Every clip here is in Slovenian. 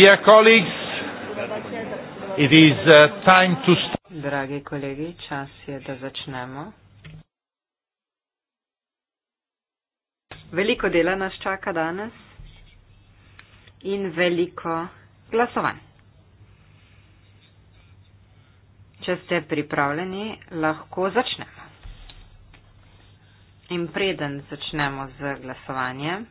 Dear colleagues, it is uh, time to start. Dragi kolegi, čas je, da začnemo. Veliko dela nas čaka danes in veliko glasovanj. Če ste pripravljeni, lahko začnemo. In preden začnemo z glasovanjem,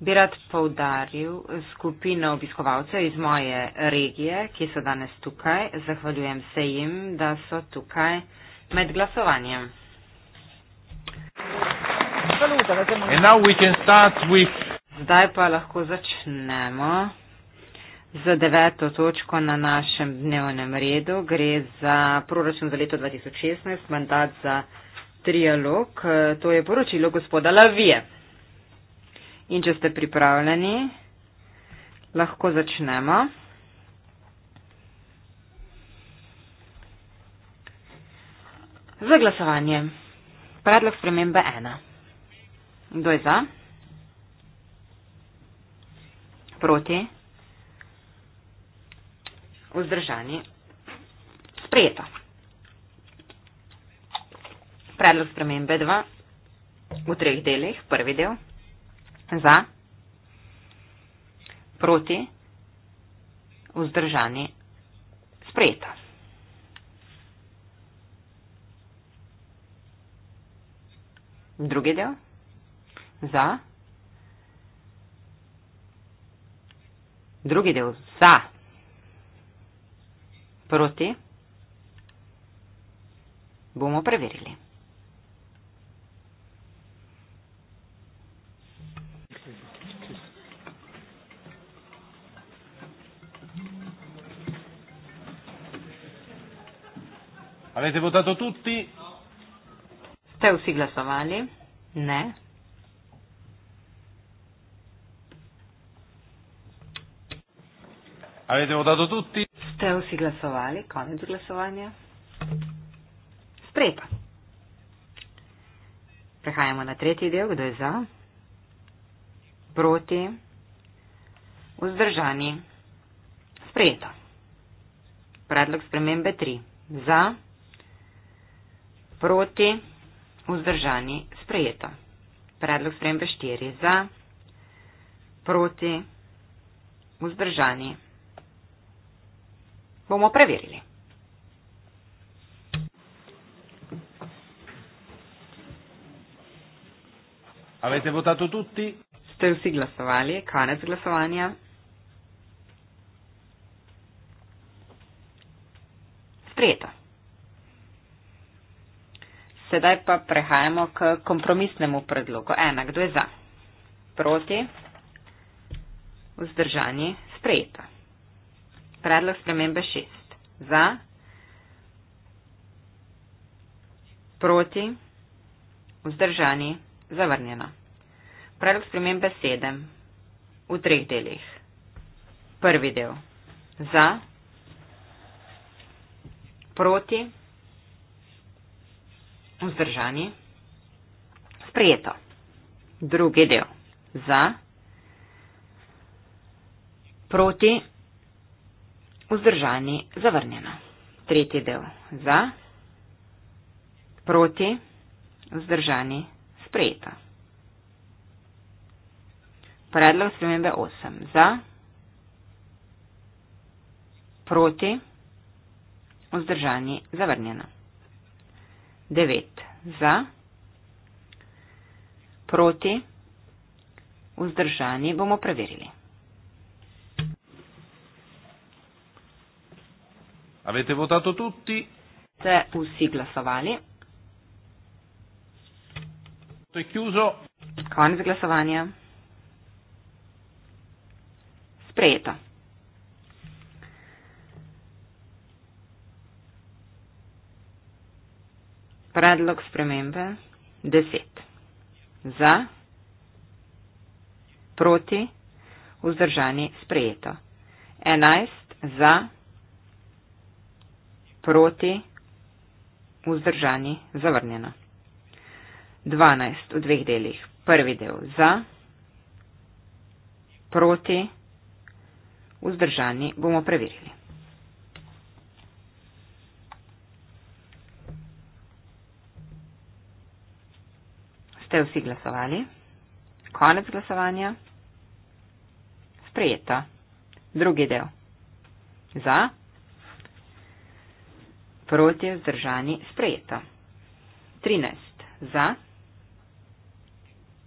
Bi rad povdaril skupino obiskovalcev iz moje regije, ki so danes tukaj. Zahvaljujem se jim, da so tukaj med glasovanjem. Zdaj pa lahko začnemo z deveto točko na našem dnevnem redu. Gre za proračun za leto 2016, mandat za trialog. To je poročilo gospoda Lavije. In če ste pripravljeni, lahko začnemo. Za glasovanje. Predlog spremembe 1. Kdo je za? Proti? Vzdržani? Sprejeto. Predlog spremembe 2 v treh delih. Prvi del za, proti, vzdržani, sprejeta. Drugi del, za, drugi del, za, proti, bomo preverili. Avete votato tutti? No. Ste vsi glasovali? Ne. Avete votato tutti? Ste vsi glasovali? Konec glasovanja. Sprejeta. Prehajamo na tretji del. Kdo je za? Proti? Vzdržani? Sprejeta. Predlog spremembe 3. Za? proti, vzdržani, sprejeto. Predlog spremembe 4 za, proti, vzdržani. Bomo preverili. Avete votato tutti? Ste vsi glasovali? Konec glasovanja. Sprejeto. Sedaj pa prehajamo k kompromisnemu predlogu. Ena, kdo je za? Proti? Vzdržani? Sprejeto. Predlog spremembe šest. Za? Proti? Vzdržani? Zavrnjeno. Predlog spremembe sedem. V treh delih. Prvi del. Za? Proti? vzdržani. Sprejeto. Drugi del. Za. Proti. Vzdržani. Zavrnjeno. Tretji del. Za. Proti. Vzdržani. Sprejeto. Predlog spremembe 8. Za. Proti. Vzdržani. Zavrnjeno. 9. Za, proti, vzdržani bomo preverili. Avete votato tutti? Ste vsi glasovali? To je chiuso. Konec glasovanja. Sprejeto. Predlog spremembe 10. Za, proti, vzdržani, sprejeto. 11. Za, proti, vzdržani, zavrnjeno. 12. V dveh delih. Prvi del za, proti, vzdržani, bomo preverili. Ste vsi glasovali? Konec glasovanja? Sprejeto. Drugi del. Za? Proti vzdržani sprejeto. 13. Za?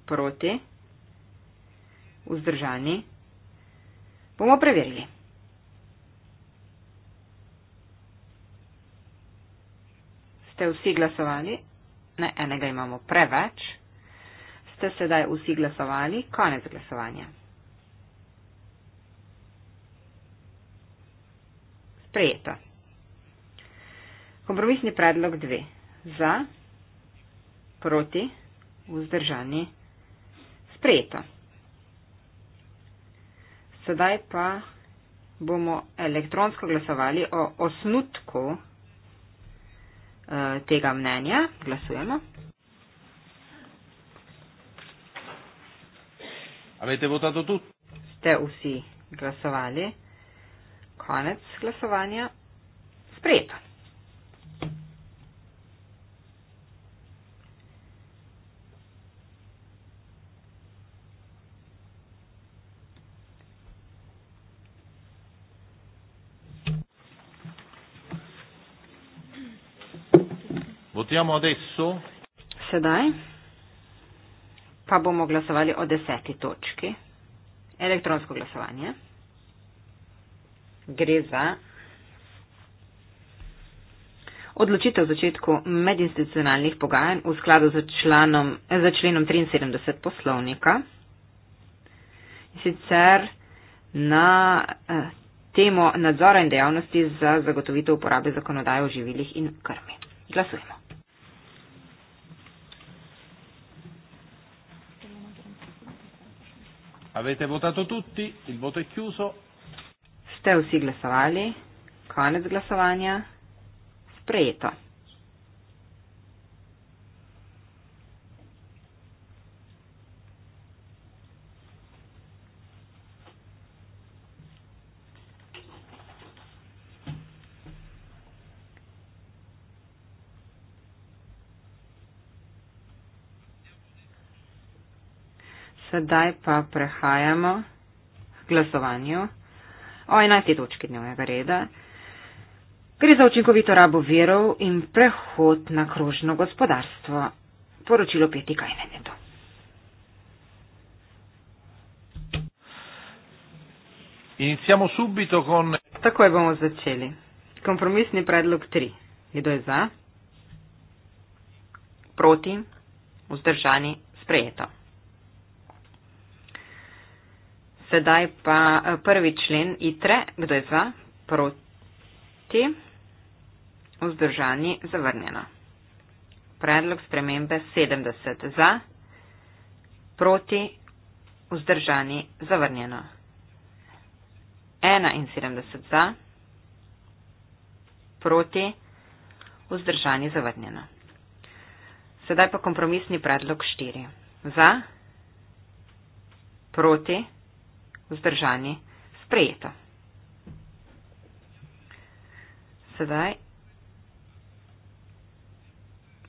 Proti vzdržani. Bomo preverili. Ste vsi glasovali? Ne, enega imamo preveč ste sedaj vsi glasovali, konec glasovanja. Sprejeto. Kompromisni predlog 2. Za, proti, vzdržani. Sprejeto. Sedaj pa bomo elektronsko glasovali o osnutku uh, tega mnenja. Glasujemo. Avete votato tutti? Ste vsi glasovali? Konec glasovanja. Sprejeto. Votiamo adesso. Sedai pa bomo glasovali o deseti točki. Elektronsko glasovanje. Gre za odločitev v začetku medinstitucionalnih pogajanj v skladu z, članom, z členom 73 poslovnika. In sicer na eh, temo nadzora in dejavnosti za zagotovitev uporabe zakonodaje o živilih in krmi. Glasujemo. Avete votato tutti? Il voto è chiuso. Ste vsi glasovali? Konec glasovanja? Sprejeto. Sedaj pa prehajamo k glasovanju o 11. točki dnevnega reda. Gre za učinkovito rabo virov in prehod na krožno gospodarstvo. Poročilo peti kajmenedo. Iniciamo subito con. Takoj bomo začeli. Kompromisni predlog 3. Kdo je za? Proti? Vzdržani? Sprejeto. Sedaj pa eh, prvi člen ITRE, kdo je za, proti, vzdržani, zavrnjeno. Predlog spremembe 70 za, proti, vzdržani, zavrnjeno. 71 za, proti, vzdržani, zavrnjeno. Sedaj pa kompromisni predlog 4. Za, proti, vzdržani, zavrnjeno vzdržani sprejeto. Sedaj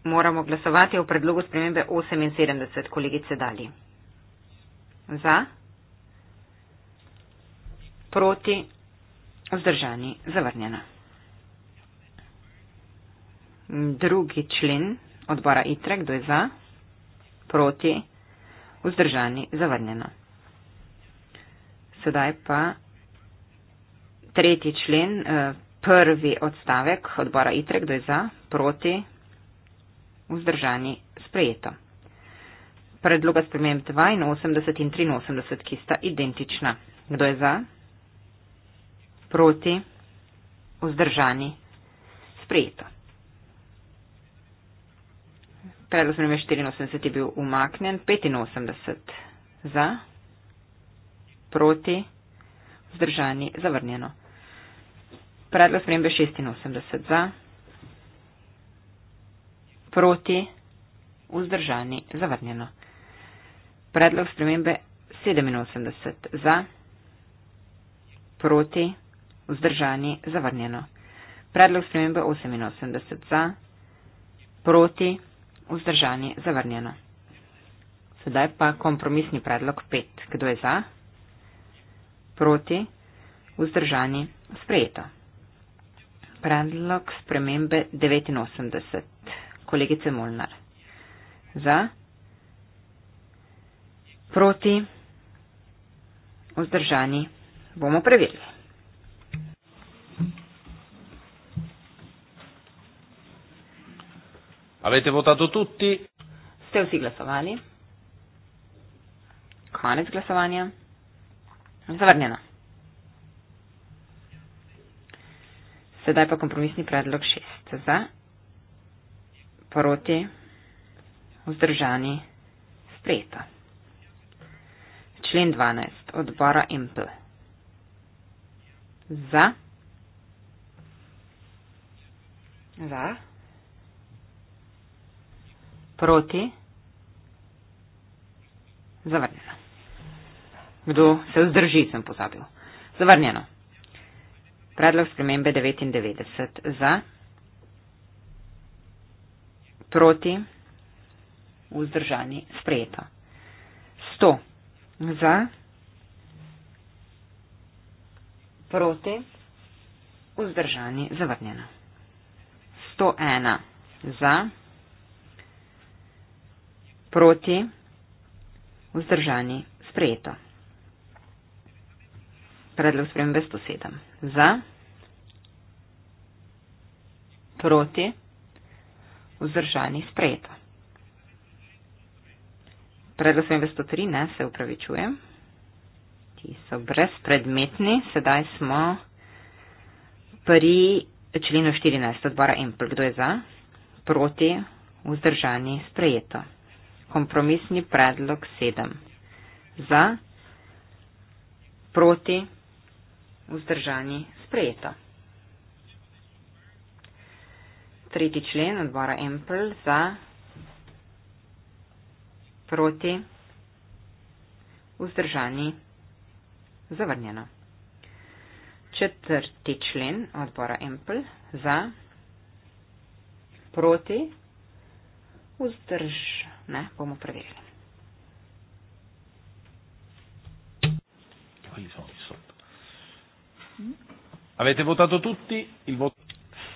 moramo glasovati o predlogu spremembe 78, kolegice Dali. Za, proti, vzdržani, zavrnjena. Drugi člen odbora ITREK, kdo je za, proti, vzdržani, zavrnjena. Sedaj pa tretji člen, eh, prvi odstavek odbora ITREK, kdo je za, proti, vzdržani, sprejeto. Predloga sprememb 82 in 83, ki sta identična. Kdo je za, proti, vzdržani, sprejeto. Predlog sprememb 84 je bil umaknjen, 85 za proti, vzdržani, zavrnjeno. Predlog spremembe 86 za, proti, vzdržani, zavrnjeno. Predlog spremembe 87 za, proti, vzdržani, zavrnjeno. Predlog spremembe 88 za, proti, vzdržani, zavrnjeno. Sedaj pa kompromisni predlog 5. Kdo je za? proti, vzdržani, sprejeto. Predlog spremembe 89. Kolegice Molnar. Za, proti, vzdržani, bomo preverili. Avete votato tutti? Ste vsi glasovali? Konec glasovanja. In to vrnjeno. Sedaj pa kompromisni predlog šest. Za proti vzdržani sprejeta. Člen 12 odbora Impl. Za. Za. Proti. Zavrnjeno. Kdo se vzdrži, sem pozabil. Zavrnjeno. Predlog spremembe 99 za. Proti. Vzdržani. Sprejeto. 100 za. Proti. Vzdržani. Zavrnjeno. 101 za. Proti. Vzdržani. Sprejeto. Predlog spremembe 107. Za? Proti? Vzdržani sprejeto. Predlog spremembe 103 ne se upravičuje. Ti so brezpredmetni. Sedaj smo pri členu 14 odbora M. Kdo je za? Proti? Vzdržani sprejeto. Kompromisni predlog 7. Za? Proti? vzdržani sprejeto. Tretji člen odbora Empel za proti vzdržani zavrnjeno. Četrti člen odbora Empel za proti vzdrž. Ne, bomo preverili. Hvala, hvala, hvala. Mm-hmm. Avete votato tutti il voto?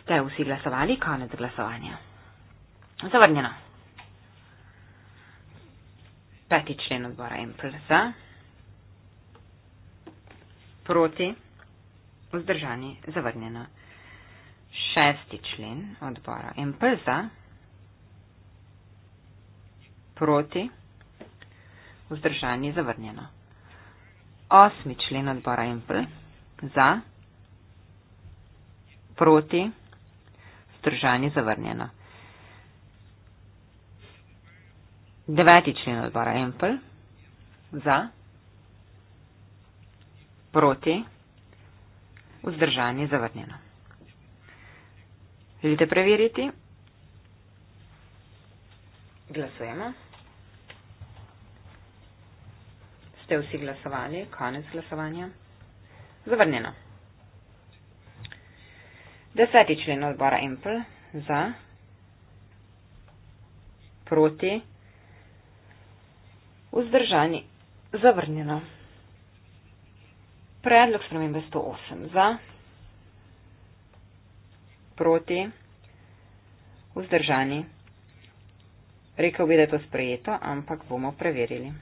Ste usi glasovali, konec glasovanja. Zavrnjeno. Peti člen odbora MPLS. Proti. Vzdržani. Zavrnjeno. Šesti člen odbora MPLS. Proti. Vzdržani. Zavrnjeno. Osmi člen odbora MPLS za, proti, vzdržani, zavrnjeno. Deveti člen odbora Empel, za, proti, vzdržani, zavrnjeno. Želite preveriti? Glasujemo. Ste vsi glasovali? Konec glasovanja. Zavrnjeno. Deseti člen odbora EMPL za, proti, vzdržani, zavrnjeno. Predlog spremembe 108 za, proti, vzdržani. Rekel bi, da je to sprejeto, ampak bomo preverili.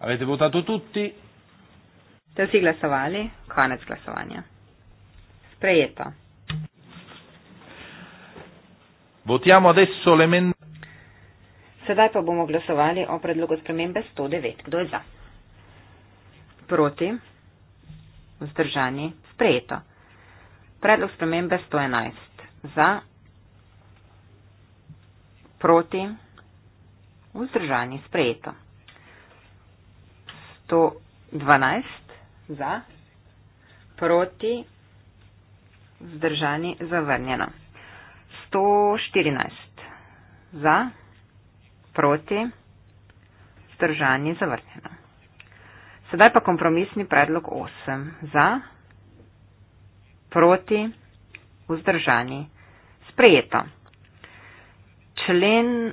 Avete votato tutti? Tutti glasovali? Konec glasovanja. Sprejeto. Votiamo adesso l'emendamento. Sedaj pa bomo glasovali o predlogu spremembe 109. Kdo je za? Proti? Vzdržani? Sprejeto. Predlog spremembe 111. Za? Proti? Vzdržani? Sprejeto to 12 za, proti, vzdržani, zavrnjeno. 114 za, proti, vzdržani, zavrnjeno. Sedaj pa kompromisni predlog 8 za, proti, vzdržani, sprejeto. Člen,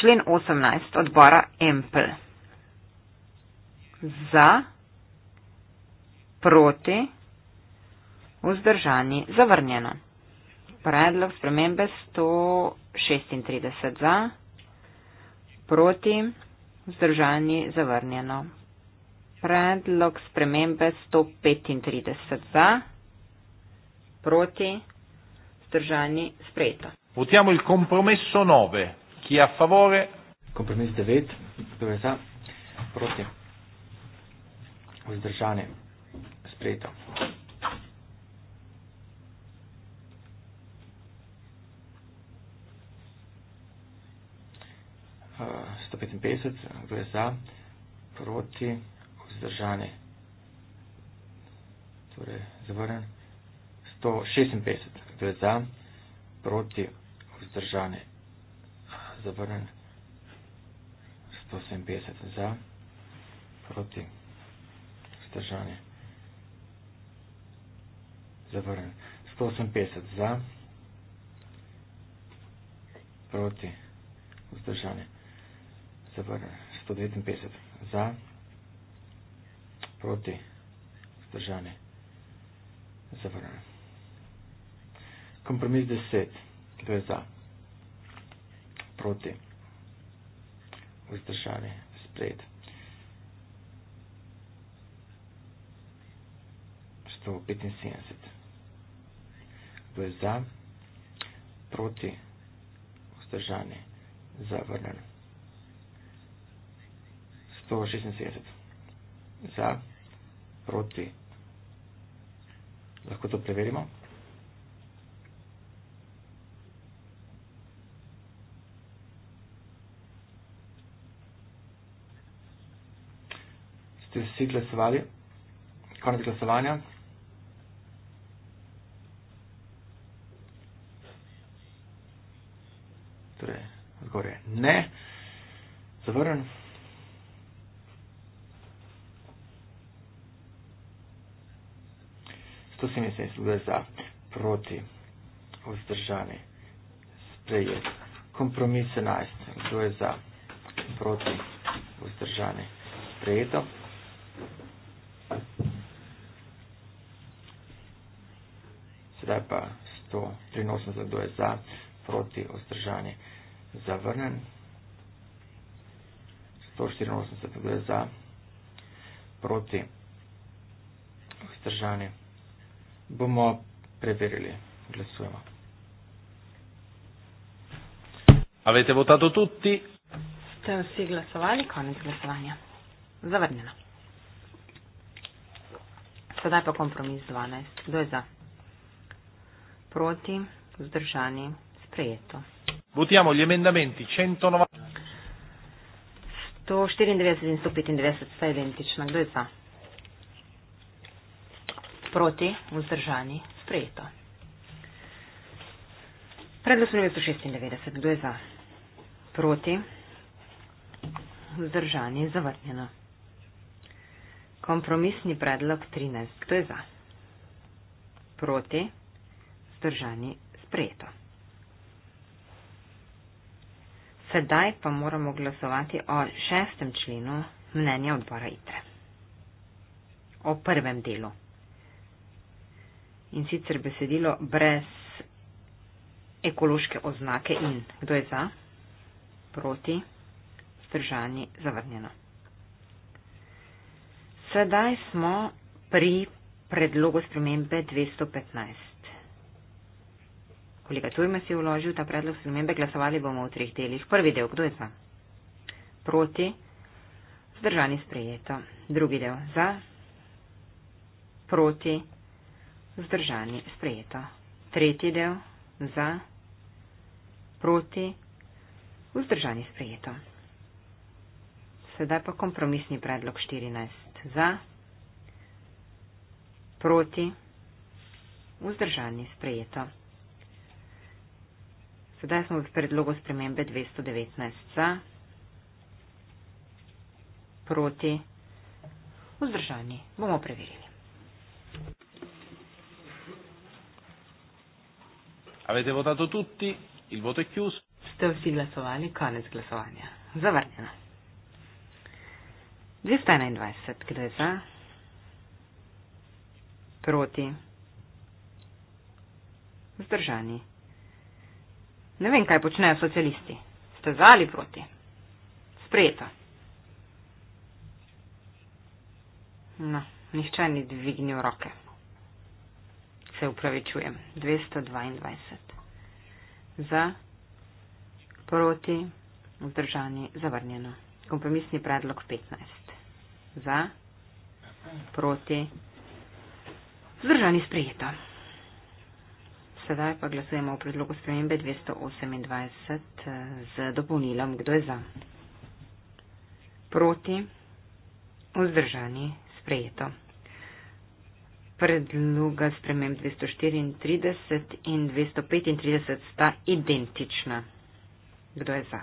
člen 18 odbora Empel za, proti, vzdržani, zavrnjeno. Predlog spremembe 136 za, proti, vzdržani, zavrnjeno. Predlog spremembe 135 za, proti, vzdržani, sprejeto. Votiamo il compromesso 9. Chi è a favore? Compromesso 9. Dove sta? Proti vzdržane, sprejeto. Uh, 155, VSA, proti, vzdržane, torej zavrnen, 156, VSA, proti, vzdržane, zavrnen, 157, za, proti, vzdržane. Torej, vzdržanje. Zavrnen. 158 za, proti vzdržanje. Zavrnen. 159 za, proti vzdržanje. Zavrnen. Kompromis 10, to je za, proti vzdržanje. Sprejeti. 175. Kdo je za, proti, vzdržani, zavrnjen. 176. Za, proti, lahko to preverimo. Ste vsi glasovali? Konec glasovanja. gore. Ne, zavrn. To se mi se izgleda za proti vzdržani sprejet. Kompromis se najste. Kdo je za proti vzdržani sprejeto? Sedaj pa 183, kdo je za proti vzdržani sprejeto zavrnjen. 184 glede za, proti, vzdržani. Bomo preverili, glasujemo. Avete votato tutti? Ste vsi glasovali, konec glasovanja. Zavrnjeno. Sedaj pa kompromis 12. Kdo je za? Proti, vzdržani, sprejeto. Votiamo gli emendamenti 190. 194 in 195 sta identična. Kdo je za? Proti? Vzdržani? Sprejeto. Predlog so 196. Kdo je za? Proti? Vzdržani? Zavrnjeno. Kompromisni predlog 13. Kdo je za? Proti? Vzdržani? Sprejeto. Sedaj pa moramo glasovati o šestem členu mnenja odbora ITRE. O prvem delu. In sicer besedilo brez ekološke oznake in kdo je za, proti, vzdržani, zavrnjeno. Sedaj smo pri predlogu spremembe 215. Kolega Turmes je vložil ta predlog spremembe, glasovali bomo v treh delih. Prvi del, kdo je za? Proti. Zdržani sprejeto. Drugi del, za. Proti. Zdržani sprejeto. Tretji del, za. Proti. Vzdržani sprejeto. Sedaj pa kompromisni predlog 14. Za. Proti. Vzdržani sprejeto. Sedaj smo v predlogu spremembe 219. Za, proti, vzdržani. Bomo preverili. Avete votato tutti? Il voto è chiuso. Ste vsi glasovali? Konec glasovanja. Zavrnjeno. 221. Gre za? Proti. Vzdržani. Ne vem, kaj počnejo socialisti. Ste za ali proti? Sprejeta. No, nihče ni dvignil roke. Se upravičujem. 222. Za, proti, vzdržani, zavrnjeno. Kompromisni predlog 15. Za, proti, vzdržani, sprejeta. Sedaj pa glasujemo o predlogu spremembe 228 eh, z dopolnilom, kdo je za. Proti, vzdržani, sprejeto. Predloga spremem 234 in 235 sta identična. Kdo je za?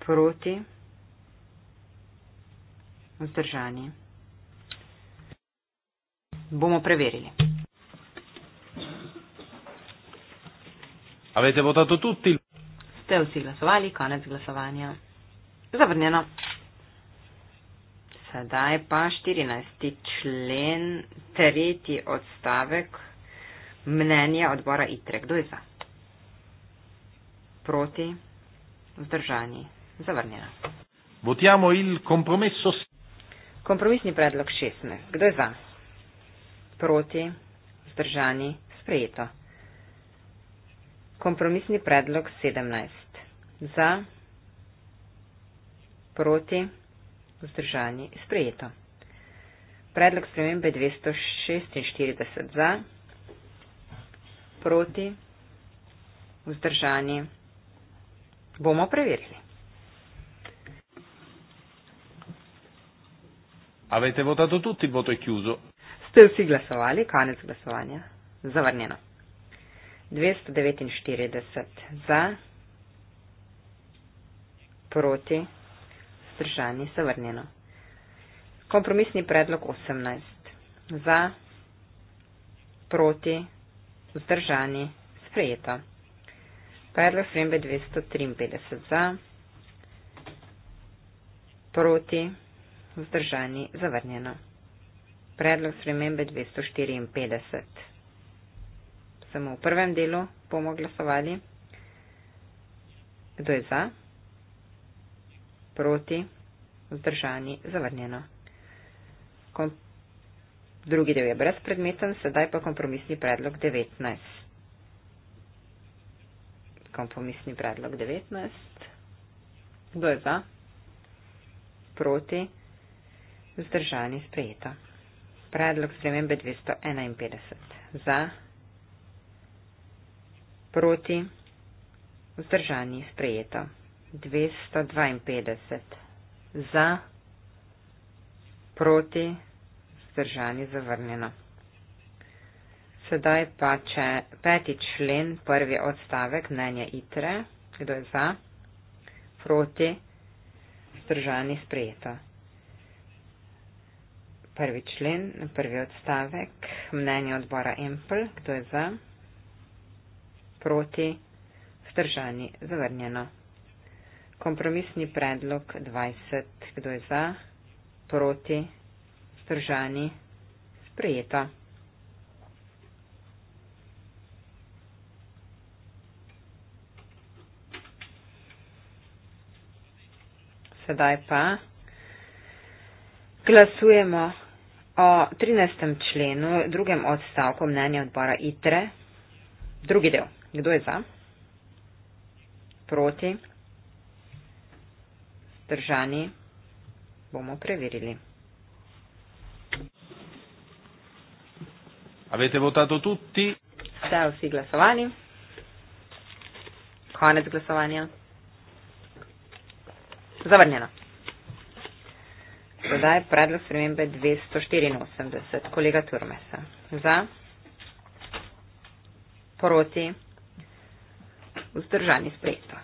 Proti, vzdržani. Bomo preverili. Avete votato tutti? Ste vsi glasovali, konec glasovanja. Zavrnjeno. Sedaj pa 14. člen, tretji odstavek, mnenje odbora ITRE. Kdo je za? Proti, vzdržani, zavrnjeno. Votiamo il compromesso. Kompromisni predlog 16. Kdo je za? Proti, vzdržani, sprejeto. Kompromisni predlog 17. Za, proti, vzdržani, sprejeto. Predlog spremembe 246 za, proti, vzdržani, bomo preverili. Avete votato tutti, voto è chiuso. Ste vsi glasovali, konec glasovanja, zavrnjeno. 249 za, proti, vzdržani, zavrnjeno. Kompromisni predlog 18 za, proti, vzdržani, sprejeto. Predlog spremembe 253 za, proti, vzdržani, zavrnjeno. Predlog spremembe 254 samo v prvem delu bomo glasovali, kdo je za, proti, vzdržani, zavrnjeno. Kom drugi del je brezpredmeten, sedaj pa kompromisni predlog 19. Kompromisni predlog 19. Kdo je za, proti, vzdržani, sprejeto. Predlog spremembe 251. Za proti vzdržani sprejeto 252, za proti vzdržani zavrnjeno. Sedaj pa če peti člen, prvi odstavek mnenja ITRE, kdo je za, proti, vzdržani sprejeto. Prvi člen, prvi odstavek, mnenje odbora EMPL, kdo je za, proti, vzdržani, zavrnjeno. Kompromisni predlog 20, kdo je za, proti, vzdržani, sprejeto. Sedaj pa glasujemo o 13. členu, drugem odstavku mnenja odbora ITRE, drugi del. Kdo je za? Proti? Zdržani? Bomo preverili. Avete votato tutti? Ste vsi glasovali? Konec glasovanja. Zavrnjeno. Sedaj predlog spremembe 284. Kolega Turmesa. Za? Proti? vzdržani spletno.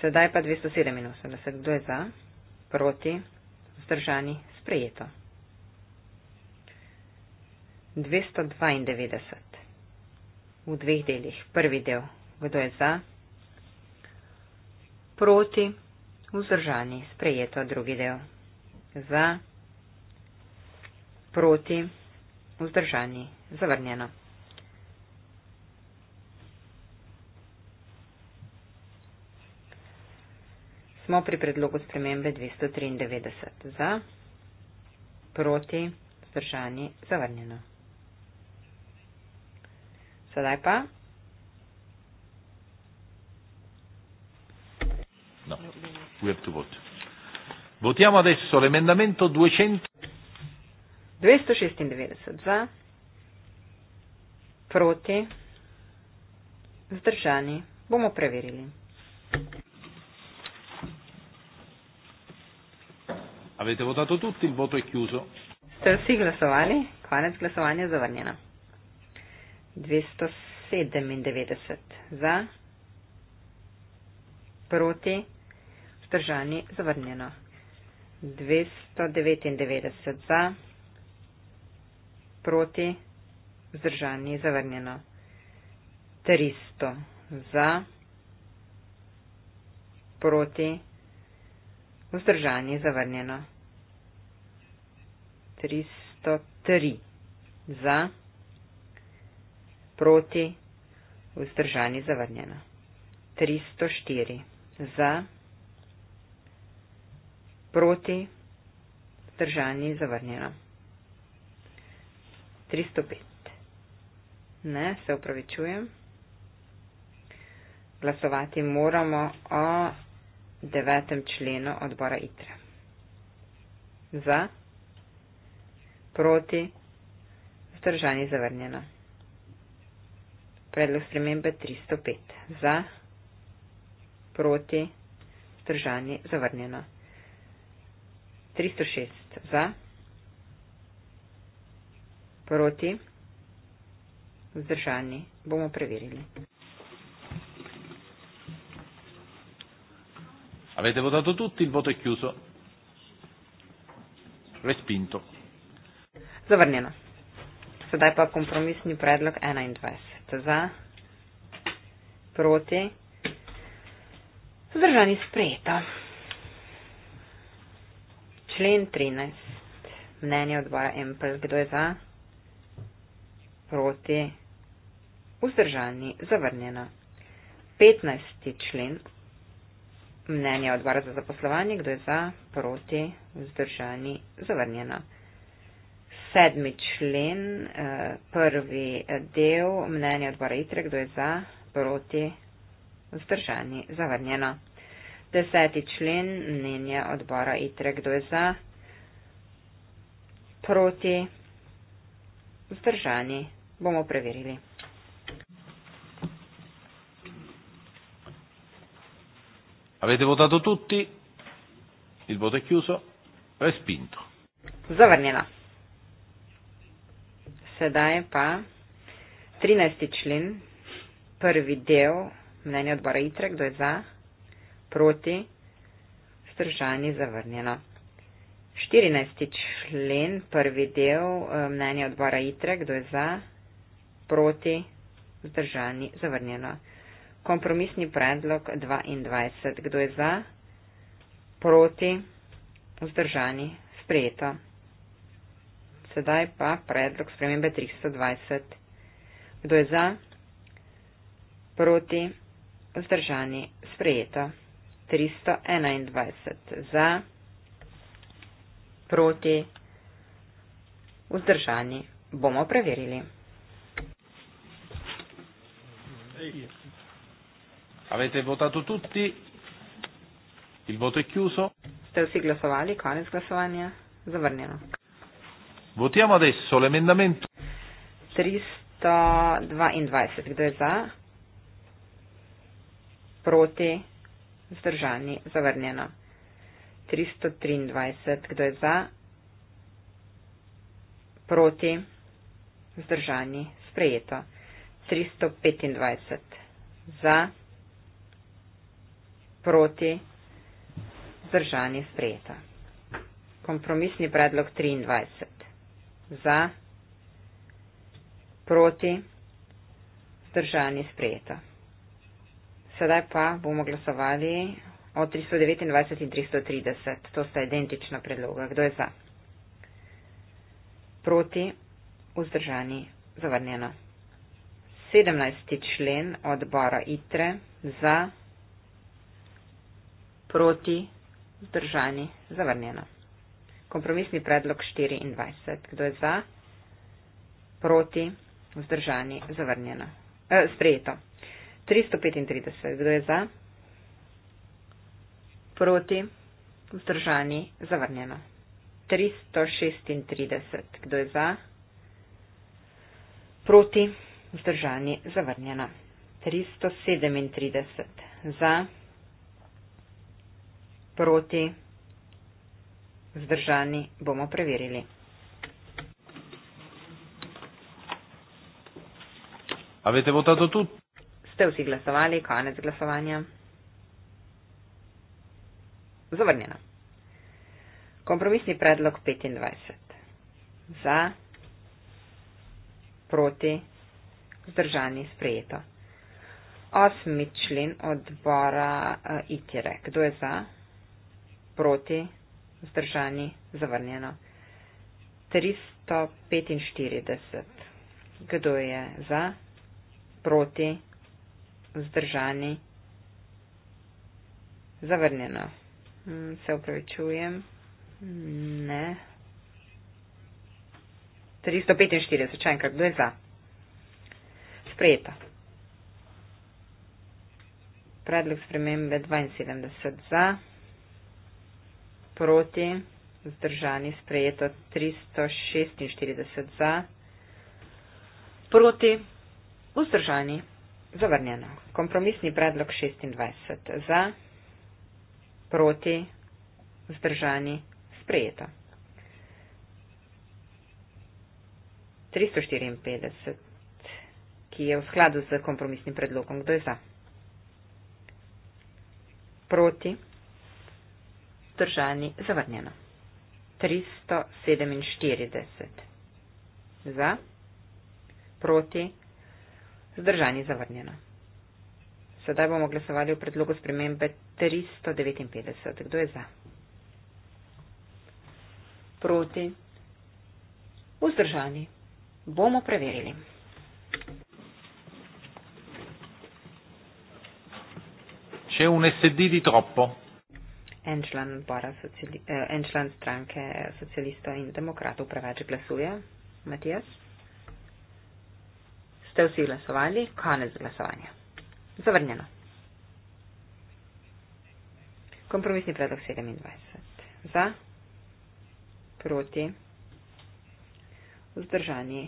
Sedaj pa 287. Kdo je za? Proti? Vzdržani? Sprejeto. 292. V dveh delih. Prvi del. Kdo je za? Proti? Vzdržani? Sprejeto. Drugi del. Za? Proti? vzdržani, zavrnjeno. Smo pri predlogu spremembe 293 za, proti, vzdržani, zavrnjeno. Sedaj pa. No. We have to vote. Votiamo adesso l'emendamento 200. 296-2, proti, zdržani, bomo preverili. Avete votato tutti, il voto è chiuso. Ste vsi glasovali, konec glasovanja zavrnjeno. 297 za, proti, vzdržani, zavrnjeno. 299 za proti, vzdržan je zavrnjeno. 300 za, proti, vzdržan je zavrnjeno. 303 za, proti, vzdržan je zavrnjeno. 304 za, proti, vzdržan je zavrnjeno. 305. Ne, se upravičujem. Glasovati moramo o devetem členu odbora ITRE. Za, proti, vzdržani zavrnjeno. Predlog spremembe 305. Za, proti, vzdržani zavrnjeno. 306. Za proti, vzdržani. Bomo preverili. Avete votato tutti, il voto è chiuso. Respinto. Zavrnjeno. Sedaj pa kompromisni predlog 21. Za, proti, vzdržani sprejeto. Člen 13. Mnenje odbora MPL. Kdo je za? proti, vzdržani, zavrnjeno. 15. člen, mnenje odbora za zaposlovanje, kdo je za, proti, vzdržani, zavrnjeno. 7. člen, eh, prvi eh, del, mnenje odbora ITRE, kdo je za, proti, vzdržani, zavrnjeno. 10. člen, mnenje odbora ITRE, kdo je za, proti, vzdržani, zavrnjeno bomo preverili. Avete votato tutti? Il voto è chiuso? Respinto. Zavrnjena. Sedaj pa 13. člen, prvi del mnenja odbora ITRE, kdo je za, proti, stržani, zavrnjeno. 14. člen, prvi del eh, mnenja odbora ITRE, kdo je za, proti, vzdržani, zavrnjeno. Kompromisni predlog 22. Kdo je za, proti, vzdržani, sprejeto. Sedaj pa predlog spremembe 320. Kdo je za, proti, vzdržani, sprejeto. 321. Za, proti, vzdržani, bomo preverili. Avete votato tutti? Il voto è chiuso. Ste vsi glasovali? Konec glasovanja? Zavrnjeno. Votiamo adesso l'emendamento. 322. Kdo je za? Proti? Zdržani? Zavrnjeno. 323. Kdo je za? Proti? Zdržani? Sprejeto. 325 za, proti, zdržanje sprejeta. Kompromisni predlog 23 za, proti, zdržanje sprejeta. Sedaj pa bomo glasovali o 329 in 330. To sta identična predloga. Kdo je za? Proti, vzdržani, zavrnjeno. 17. člen odbora ITRE za proti zdržani zavrnjeno. Kompromisni predlog 24. Kdo je za proti zdržani zavrnjeno? Eh, sprejeto. 335. Kdo je za proti zdržani zavrnjeno? 336. Kdo je za proti zdržani zavrnjeno? vzdržani zavrnjena. 337 za, proti, vzdržani bomo preverili. A vete, bo ta to tudi? Ste vsi glasovali, konec glasovanja. Zavrnjena. Kompromisni predlog 25. Za, proti, vzdržani vzdržani sprejeto. Osmi člen odbora uh, eh, itire. Kdo je za? Proti? Vzdržani? Zavrnjeno. 345. Kdo je za? Proti? Vzdržani? Zavrnjeno. Hmm, se upravičujem. Ne. 345. Čakaj, kdo je za? sprejeta. Predlog spremembe 72 za, proti, zdržani, sprejeto 346 za, proti, vzdržani, zavrnjeno. Kompromisni predlog 26 za, proti, vzdržani, sprejeto. 354 ki je v skladu z kompromisnim predlogom. Kdo je za? Proti. Zdržani. Zavrnjeno. 347. Za. Proti. Zdržani. Zavrnjeno. Sedaj bomo glasovali v predlogu spremembe 359. Kdo je za? Proti. Vzdržani. Bomo preverili. c'è un SD di troppo. Enčlan socijali, eh, stranke socialistov in demokratov preveč glasuje. Matijas? Ste vsi glasovali? Konec glasovanja. Zavrnjeno. Kompromisni predlog 27. Za? Proti? Vzdržani?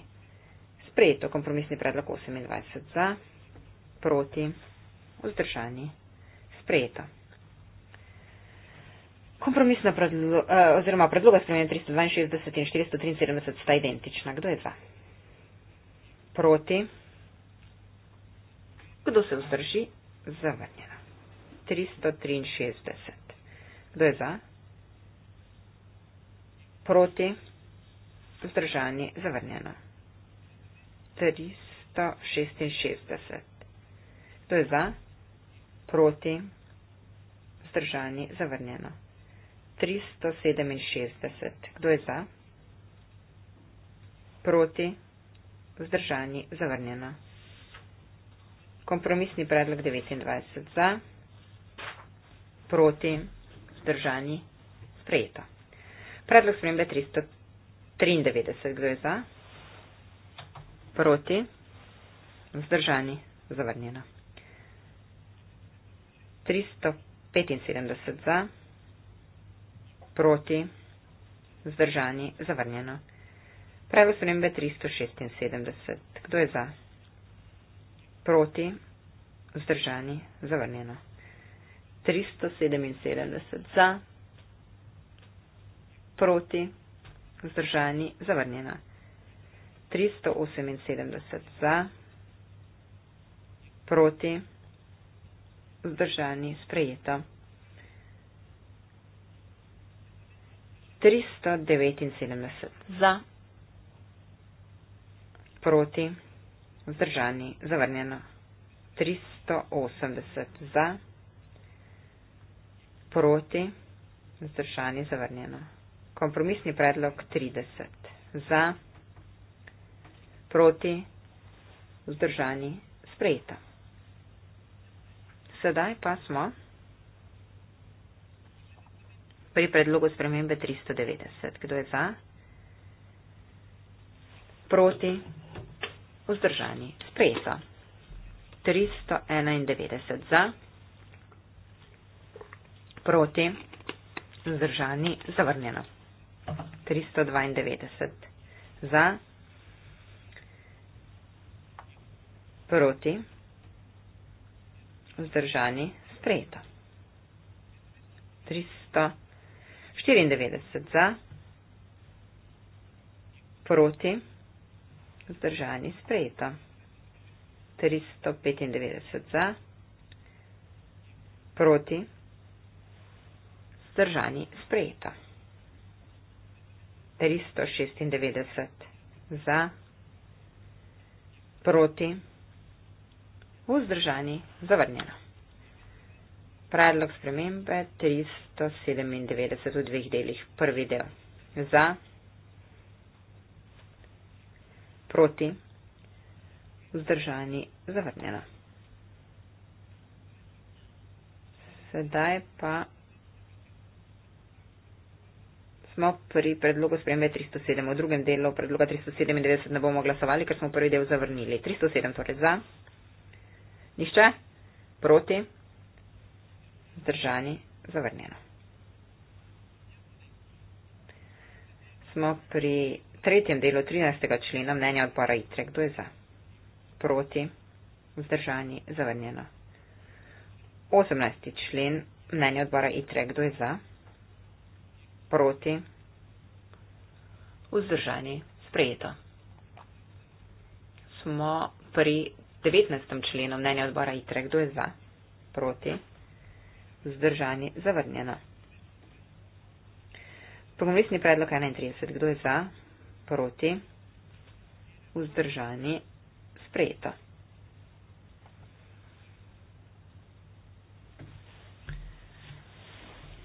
Sprejeto kompromisni predlog 28. Za? Proti? Vzdržani? sprejeta. Kompromisna predlo, eh, oziroma predloga spremenja 362 in 473 sta identična. Kdo je za? Proti. Kdo se vzdrži? Zavrnjena. 363. Kdo je za? Proti. Vzdržanje. Zavrnjeno. 366. Kdo je za? proti, vzdržani, zavrnjeno. 367. Kdo je za? Proti, vzdržani, zavrnjeno. Kompromisni predlog 29. Za, proti, vzdržani, sprejeto. Predlog spremembe 393. Kdo je za? Proti, vzdržani, zavrnjeno. 375 za, proti, zdržani, zavrnjeno. Pravo spremembe 376. Kdo je za? Proti, vzdržani, zavrnjeno. 377 za, proti, vzdržani, zavrnjeno. 378 za, proti, vzdržani, zavrnjeno vzdržani, sprejeta. 379 za, proti, vzdržani, zavrnjeno. 380 za, proti, vzdržani, zavrnjeno. Kompromisni predlog 30 za, proti, vzdržani, sprejeta. Sedaj pa smo pri predlogu spremembe 390. Kdo je za? Proti? Vzdržani? Sprejeto. 391 za. Proti? Vzdržani? Zavrnjeno. 392 za. Proti? vzdržani, sprejeto. 394 za, proti, vzdržani, sprejeto. 395 za, proti, vzdržani, sprejeto. 396 za, proti, vzdržani, sprejeto vzdržani zavrnjeno. Predlog spremembe 397 v dveh delih. Prvi del za, proti, vzdržani zavrnjeno. Sedaj pa smo pri predlogu spremembe 307. V drugem delu predloga 397 ne bomo glasovali, ker smo prvi del zavrnili. 307 torej za. Nihče? Proti? Zdržani? Zavrnjeno. Smo pri tretjem delu 13. člena mnenja odbora ITRE. Kdo je za? Proti? Vzdržani, zavrnjeno. 18. člen mnenja odbora ITRE. Kdo je za? Proti? Vzdržani, sprejeto. Smo pri 19. členu mnenja odbora ITRE. Kdo je za? Proti? Zdržani? Zavrnjeno. Pogomisni predlog 31. Kdo je za? Proti? Vzdržani? Sprejeto.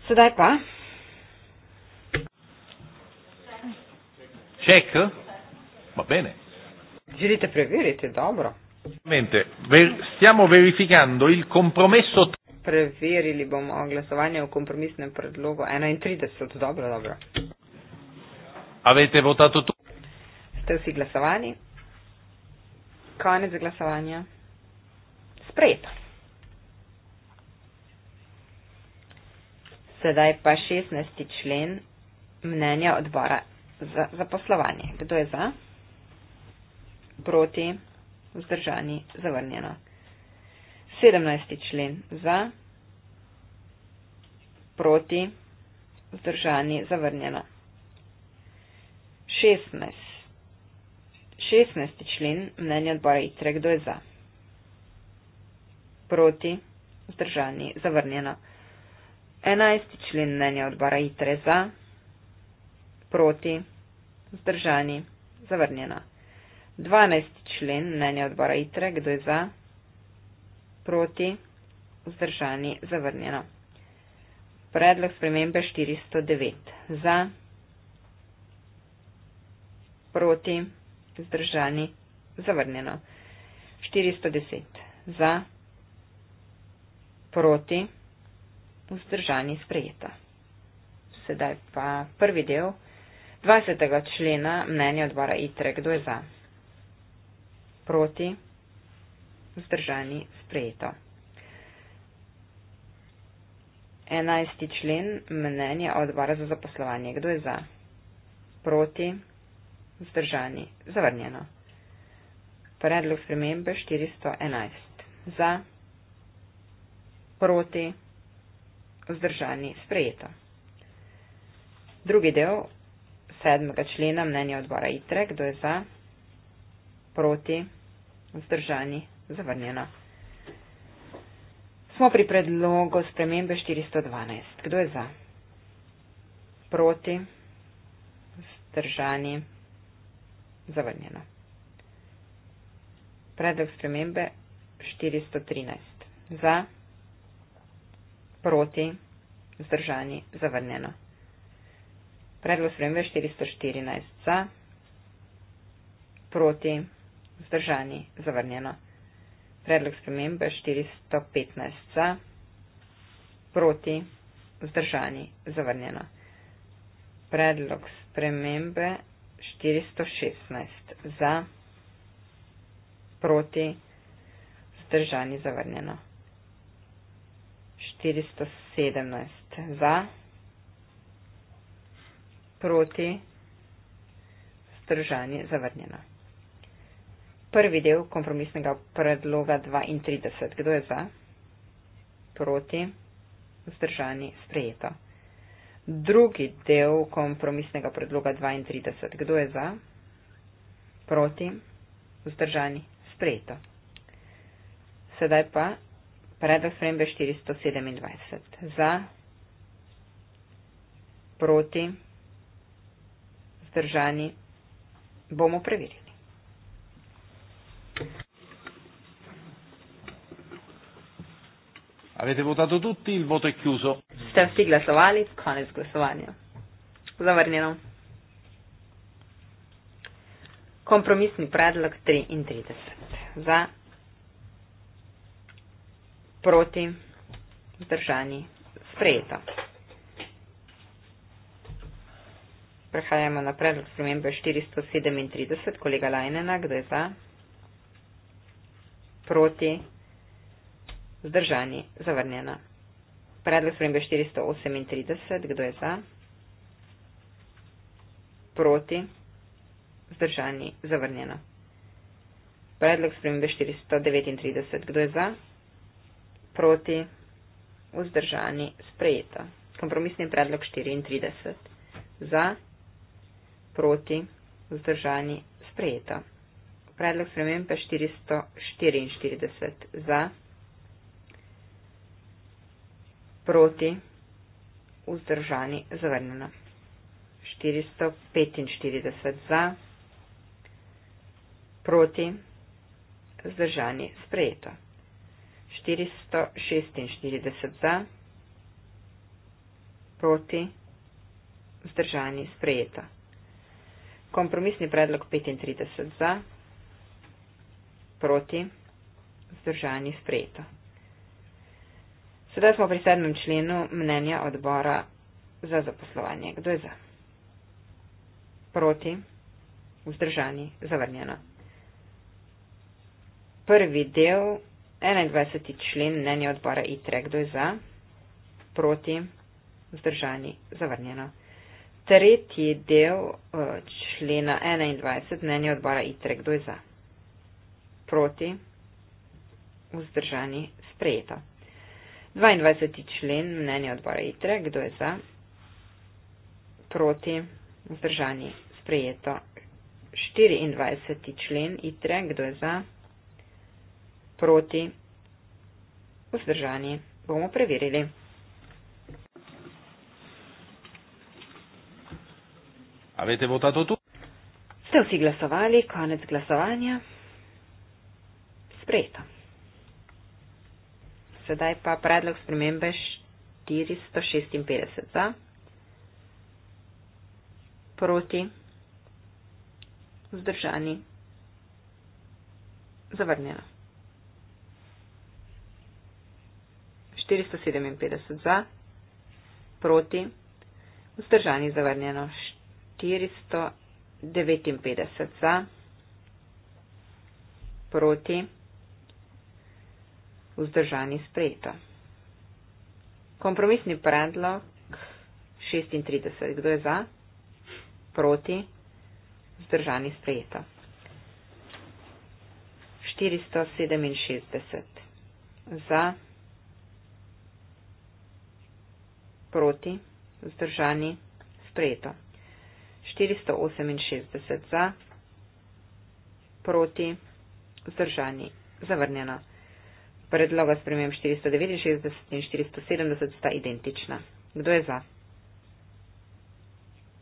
Sedaj pa. Ček? Eh? Ma bene. Želite preveriti? Dobro. Stiamo verificando il compromesso. Preverili bomo glasovanje o kompromisnem predlogu 31. Dobro, dobro. Avete votato tu? Ste vsi glasovali? Konec glasovanja. Sprejeto. Sedaj pa 16. člen mnenja odbora za zaposlovanje. Kdo je za? Proti? vzdržani, zavrnjeno. 17. člen za, proti, vzdržani, zavrnjeno. 16. 16. člen mnenja odbora ITRE, kdo je za, proti, vzdržani, zavrnjeno. 11. člen mnenja odbora ITRE za, proti, vzdržani, zavrnjeno. 12. člen mnenja odbora ITRE, kdo je za, proti, vzdržani, zavrnjeno. Predlog spremembe 409. Za, proti, vzdržani, zavrnjeno. 410. Za, proti, vzdržani, sprejeta. Sedaj pa prvi del 20. člena mnenja odbora ITRE, kdo je za proti, vzdržani, sprejeto. 11. člen mnenje odbora za zaposlovanje. Kdo je za? Proti, vzdržani, zavrnjeno. Predlog spremembe 411. Za, proti, vzdržani, sprejeto. Drugi del 7. člena mnenje odbora ITREK. Kdo je za? Proti, vzdržani, sprejeto vzdržani, zavrnjeno. Smo pri predlogu spremembe 412. Kdo je za? Proti, vzdržani, zavrnjeno. Predlog spremembe 413. Za, proti, vzdržani, zavrnjeno. Predlog spremembe 414. Za, proti, vzdržani, zavrnjeno vzdržani, zavrnjeno. Predlog spremembe 415 za, proti, vzdržani, zavrnjeno. Predlog spremembe 416 za, proti, vzdržani, zavrnjeno. 417 za, proti, vzdržani, zavrnjeno prvi del kompromisnega predloga 32. Kdo je za? Proti? Vzdržani? Sprejeto. Drugi del kompromisnega predloga 32. Kdo je za? Proti? Vzdržani? Sprejeto. Sedaj pa predlog spremembe 427. Za? Proti? Vzdržani? Bomo preverili. Avete votato tutti, il voto è chiuso. Ste vsi glasovali, konec glasovanja. Zavrnjeno. Kompromisni predlog 33. Za, proti, vzdržani, sprejeto. Prehajamo na predlog spremembe 437, kolega Lajnena, kdo je za, proti, vzdržani, sprejeto. Zdržani. Zavrnjena. Predlog spremembe 438. Kdo je za? Proti. Zdržani. Zavrnjena. Predlog spremembe 439. Kdo je za? Proti. Vzdržani. Sprejeta. Kompromisni predlog 34. Za. Proti. Vzdržani. Sprejeta. Predlog spremembe 444. Za proti, vzdržani, zavrnjeno. 445 za, proti, vzdržani, sprejeto. 446 za, proti, vzdržani, sprejeto. Kompromisni predlog 35 za, proti, vzdržani, sprejeto. Sedaj smo pri sedmem členu mnenja odbora za zaposlovanje. Kdo je za? Proti? Vzdržani? Zavrnjeno? Prvi del, 21. člen mnenja odbora ITRE. Kdo je za? Proti? Vzdržani? Zavrnjeno? Tretji del eh, člena 21. mnenja odbora ITRE. Kdo je za? Proti? Vzdržani? Sprejeto? 22. člen mnenja odbora ITRE, kdo je za, proti, vzdržani, sprejeto. 24. člen ITRE, kdo je za, proti, vzdržani, bomo preverili. Avete votato tu? Ste vsi glasovali, konec glasovanja. Sprejeto. Sedaj pa predlog spremembe 456 za. Proti. Vzdržani. Zavrnjeno. 457 za. Proti. Vzdržani. Zavrnjeno. 459 za. Proti vzdržani sprejeta. Kompromisni predlog 36. Kdo je za? Proti? Vzdržani sprejeta. 467. Za? Proti? Vzdržani sprejeta. 468 za, proti, vzdržani, zavrnjena. Predloga spremem 469 in 470 sta identična. Kdo je za?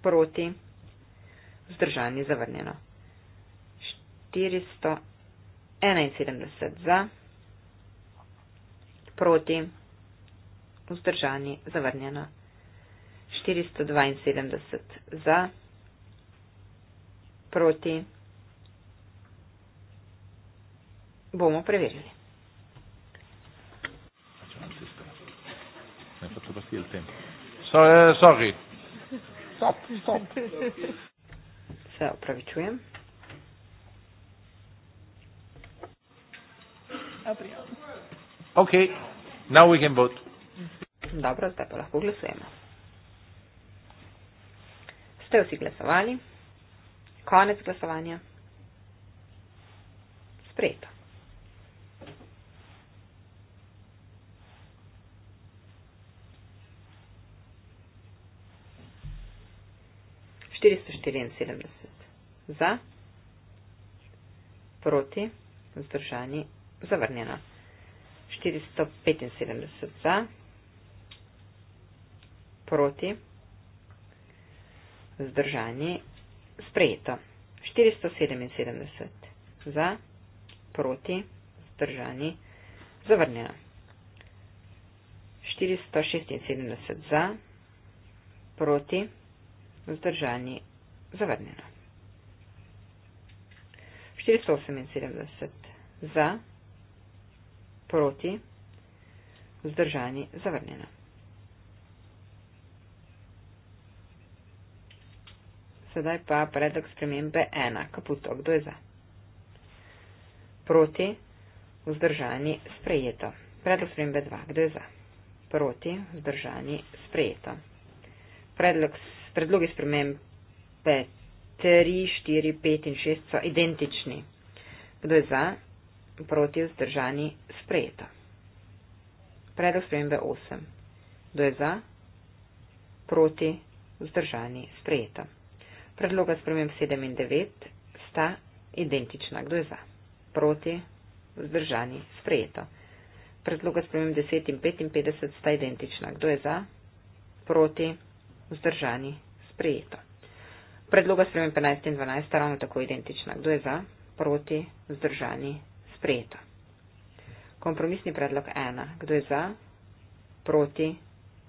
Proti. Zdržani zavrnjeno. 471 za. Proti. Vzdržani zavrnjeno. 472 za. Proti. Bomo preverili. jeg får tuba stil til. Så, uh, eh, sorry. Stopp, stopp. Så, prøver vi to igjen. Ok, now we can vote. Dobro, zdaj pa lahko glasujemo. Ste vsi glasovali? Konec glasovanja. Sprejeto. 474. Za, proti, vzdržani, zavrnjeno. 475 za, proti, vzdržani, sprejeto. 477 za, proti, vzdržani, zavrnjeno. 476 za, proti, vzdržani vzdržani zavrnjeno. 478 za, proti, vzdržani zavrnjeno. 4. pa predlog spremembe 1. Kaputo, kdo je za? Proti, vzdržani, sprejeto. Predlog spremembe 2. Kdo je za? Proti, vzdržani, sprejeto. Predlog predlogi sprememb 5, 3, 4, 5 in 6 so identični. Kdo je za, proti, vzdržani, sprejeto. Predlog spremembe 8. Kdo je za, proti, vzdržani, sprejeto. Predloga sprememb 7 in 9 sta identična. Kdo je za, proti, vzdržani, sprejeto. Predloga spremem 10 in 55 sta identična. Kdo je za? Proti? Vzdržani? sprejeta. Predloga spremem 15 in 12 sta ravno tako identična. Kdo je za, proti, vzdržani, sprejeta. Kompromisni predlog 1. Kdo je za, proti,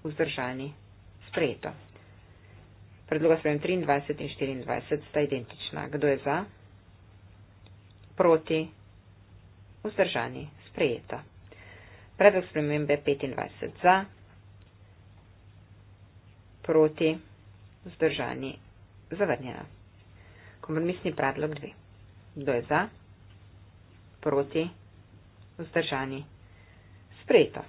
vzdržani, sprejeta. Predloga spremem 23 in 24 sta identična. Kdo je za, proti, vzdržani, sprejeta. Predlog spremembe 25 za, proti, vzdržani, sprejeta. Zdržani. Zavrnjeno. Kompromisni predlog 2. Kdo je za? Proti. Zdržani. Sprejeto.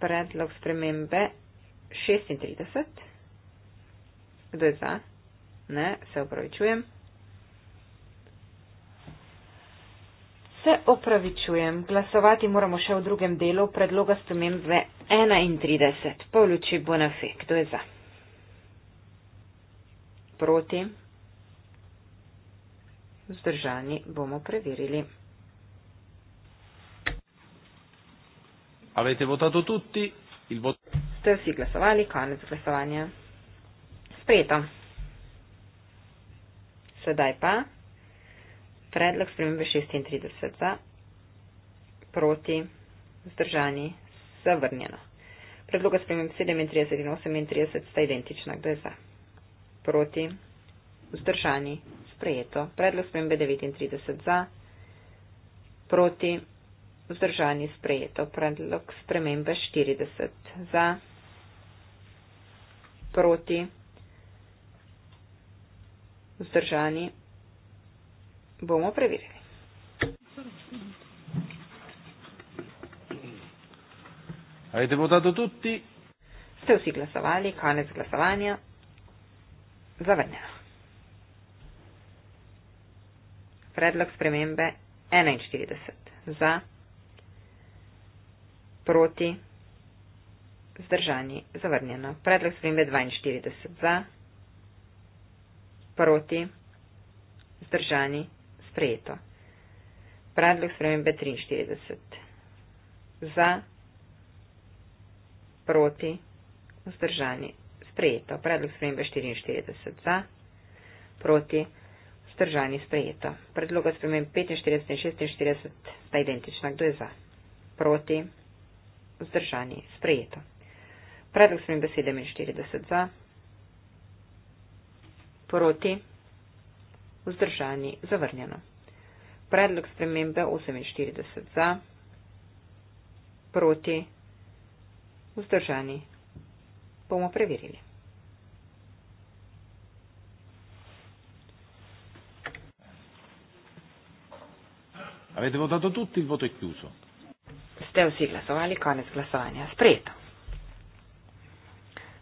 Predlog spremembe 36. Kdo je za? Ne, se opravičujem. Se opravičujem. Glasovati moramo še v drugem delu predloga spremembe 31, po luči Bonafé, kdo je za? Proti? Zdržani bomo preverili. Avete votato tutti? Il vot... Ste vsi glasovali, konec glasovanja. Sprejeto. Sedaj pa predlog spremembe 36 za, proti, vzdržani, zavrnjeno. Predloga sprememb 37 in 38 sta identična, kdo je za. Proti, vzdržani, sprejeto. Predlog spremembe 39 za, proti, vzdržani, sprejeto. Predlog spremembe 40 za, proti, vzdržani, bomo preverili. Avete votato tutti? Ste tutti glasovali, konec glasovanja. Zavrnjeno. Predlog spremembe 41. Za. Proti. Zdržani. Zavrnjeno. Predlog spremembe 42. Za. Proti. Zdržani. Sprejeto. Predlog spremembe 43. Za proti, vzdržani, sprejeto, predlog spremembe 44 za, proti, vzdržani, sprejeto, predlog spremembe 45 in 46 sta identična, kdo je za, proti, vzdržani, sprejeto, predlog spremembe 47 za, proti, vzdržani, zavrnjeno, predlog spremembe 48 za, proti, vzdržani, vzdržani. Bomo preverili. Avete votato tutti, il voto è chiuso. Ste vsi glasovali, konec glasovanja. Sprejeto.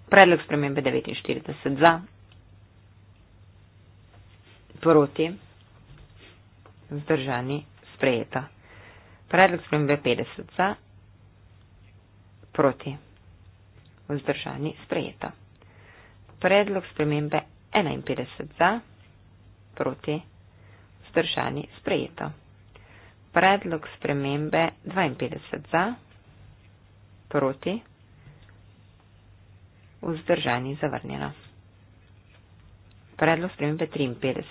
Predlog spremembe 49 za, proti, vzdržani, sprejeto. Predlog spremembe 50 za, proti. Vzdržani sprejeto. Predlog spremembe 51 za, proti, vzdržani sprejeto. Predlog spremembe 52 za, proti, vzdržani zavrnjeno. Predlog spremembe 53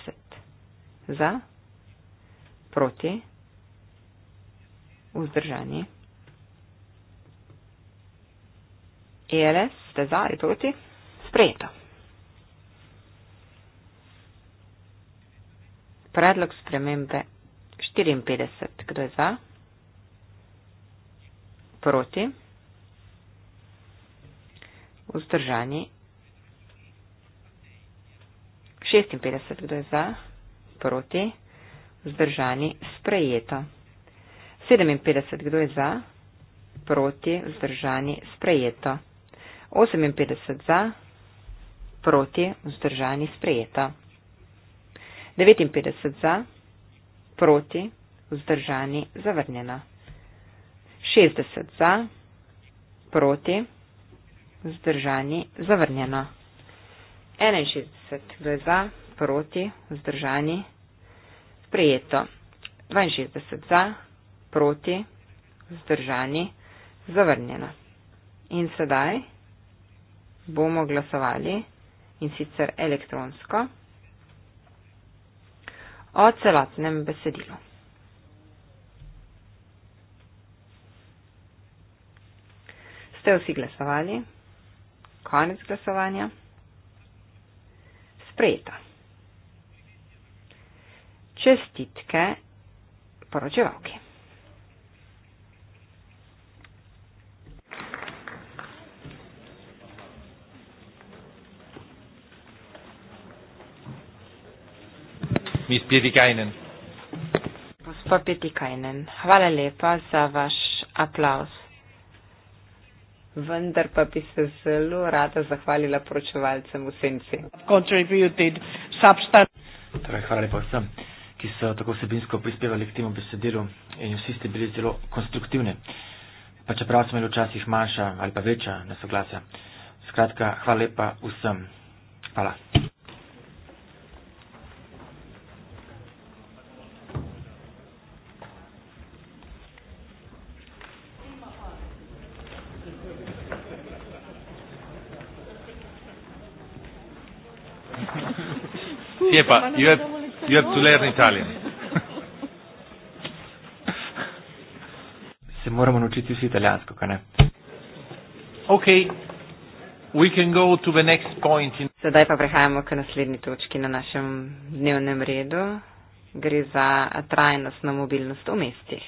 za, proti, vzdržani zavrnjeno. ele, ste za ali proti, sprejeto. Predlog spremembe 54. Kdo je za? Proti? Vzdržani? 56. Kdo je za? Proti? Vzdržani? Sprejeto. 57. Kdo je za? Proti? Vzdržani? Sprejeto. 58 za, proti, vzdržani, sprejeta. 59 za, proti, vzdržani, zavrnjena. 60 za, proti, vzdržani, zavrnjena. 61 za, proti, vzdržani, sprejeto. 62 za, proti, vzdržani, zavrnjena. In sedaj bomo glasovali in sicer elektronsko o celotnem besedilu. Ste vsi glasovali? Konec glasovanja. Sprejeta. Čestitke poročevalki. Miss Pietikainen. Gospod Pietikainen, hvala lepa za vaš aplaus. Vendar pa bi se zelo rada zahvalila poročevalcem v senci. Torej, hvala lepa vsem, ki so tako vsebinsko prispevali k temu besedilu in vsi ste bili zelo konstruktivni. Pa čeprav smo imeli včasih manjša ali pa večja nesoglasja. Skratka, hvala lepa vsem. Hvala. Siepa, you have you have to learn Italian. Se moramo naučiti vsi italijansko, kajne? Okay. We can go to the next point. In... Sedaj pa prehajamo k naslednji točki na našem dnevnem redu. Gre za trajnostno mobilnost v mestih.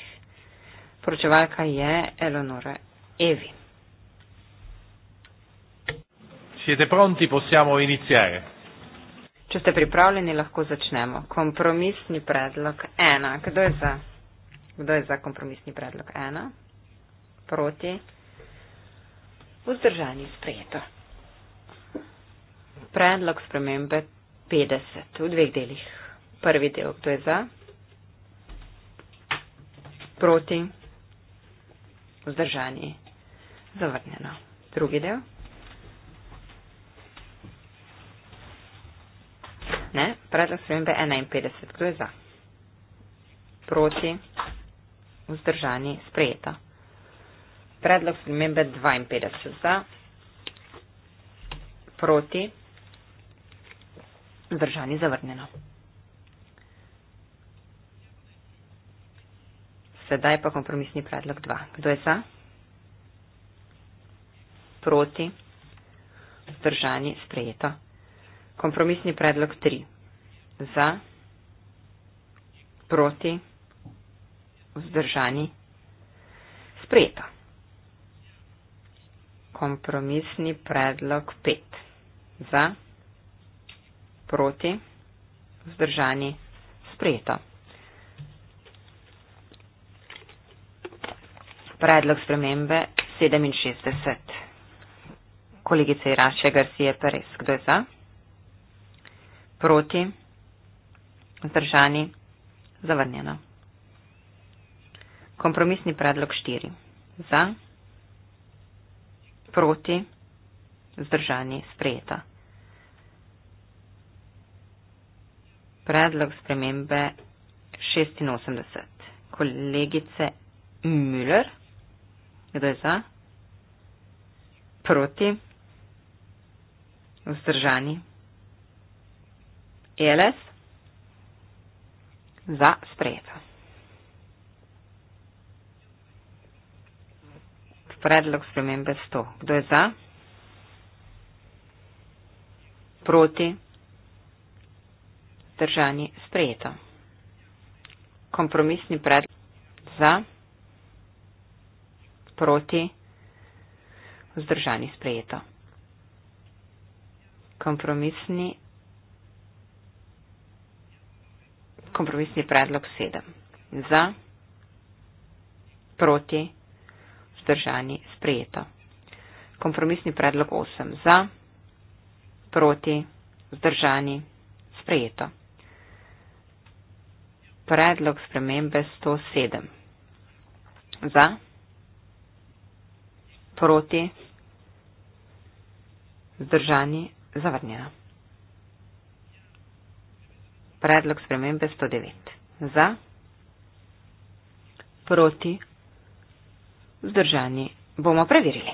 Poročevalka je Eleonora Evi. Siete pronti, possiamo iniziare. Če ste pripravljeni, lahko začnemo. Kompromisni predlog 1. Kdo je za? Kdo je za kompromisni predlog 1? Proti? Vzdržani sprejeto. Predlog spremembe 50 v dveh delih. Prvi del, kdo je za? Proti? Vzdržani? Zavrnjeno. Drugi del? ne, predlog spremembe 51, kdo je za? Proti, vzdržani, sprejeta. Predlog spremembe 52 za, proti, vzdržani, zavrnjeno. Sedaj pa kompromisni predlog 2. Kdo je za? Proti, vzdržani, sprejeta. Kompromisni predlog 3. Za, proti, vzdržani, sprejeto. Kompromisni predlog 5. Za, proti, vzdržani, sprejeto. Predlog spremembe 67. Kolegica Iračega si je peres. Kdo je za? proti, zdržani, zavrnjeno. Kompromisni predlog 4. Za, proti, zdržani, sprejeta. Predlog spremembe 86. Kolegice Müller, kdo je za? Proti, vzdržani, ELS za sprejeto. Predlog spremembe 100. Kdo je za? Proti? Držani sprejeto. Kompromisni predlog za? Proti? Vzdržani sprejeto. Kompromisni kompromisni predlog 7. Za, proti, vzdržani, sprejeto. Kompromisni predlog 8. Za, proti, vzdržani, sprejeto. Predlog spremembe 107. Za, proti, vzdržani, zavrnjeno predlog spremembe 109. Za? Proti? Zdržani? Bomo preverili.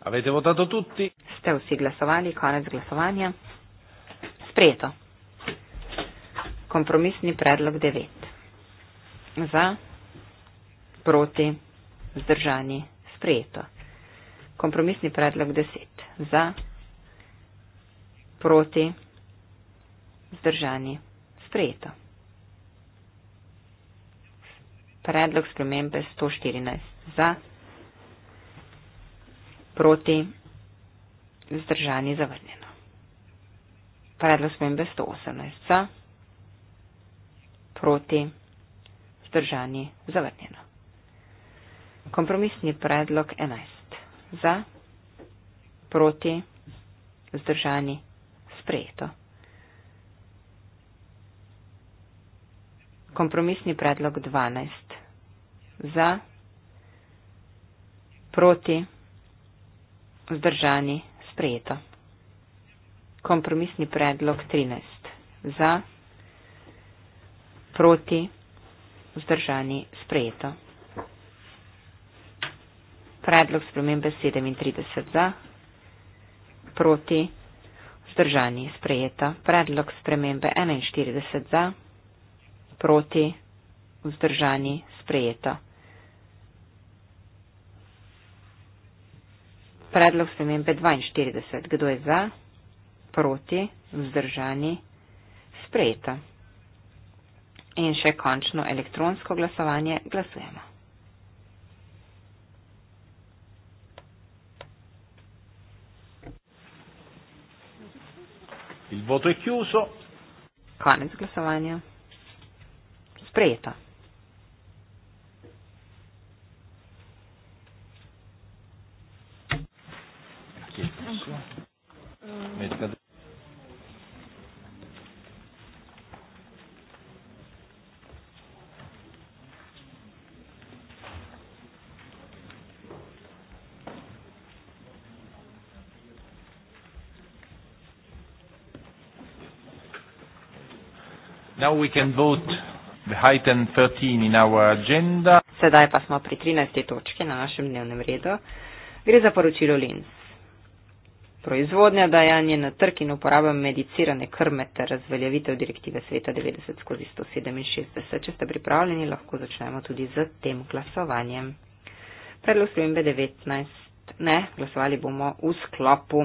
Avete votato tutti? Ste vsi glasovali, konec glasovanja. Sprejeto. Kompromisni predlog 9. Za? Proti? Zdržani? Sprejeto kompromisni predlog 10. Za, proti, zdržani, sprejeto. Predlog spremembe 114. Za, proti, zdržani, zavrnjeno. Predlog spremembe 118. Za, proti, zdržani, zavrnjeno. Kompromisni predlog 11 za, proti, zdržani, sprejeto. Kompromisni predlog 12. Za, proti, zdržani, sprejeto. Kompromisni predlog 13. Za, proti, zdržani, sprejeto. Predlog spremembe 37 za, proti, vzdržani, sprejeta. Predlog spremembe 41 za, proti, vzdržani, sprejeta. Predlog spremembe 42. Kdo je za? Proti, vzdržani, sprejeta. In še končno elektronsko glasovanje. Glasujemo. Il voto è chiuso. Konec glasovanja. Sprejeto. Okay. Okay. Okay. Now we can vote the item 13 in our agenda. Sedaj pa smo pri 13. točki na našem dnevnem redu. Gre za poročilo LINS. Proizvodnja, dajanje na trg in uporaba medicirane krme ter razveljavitev direktive sveta 90 skozi 167. Če ste pripravljeni, lahko začnemo tudi z tem glasovanjem. Predlog spremembe 19. Ne, glasovali bomo v sklopu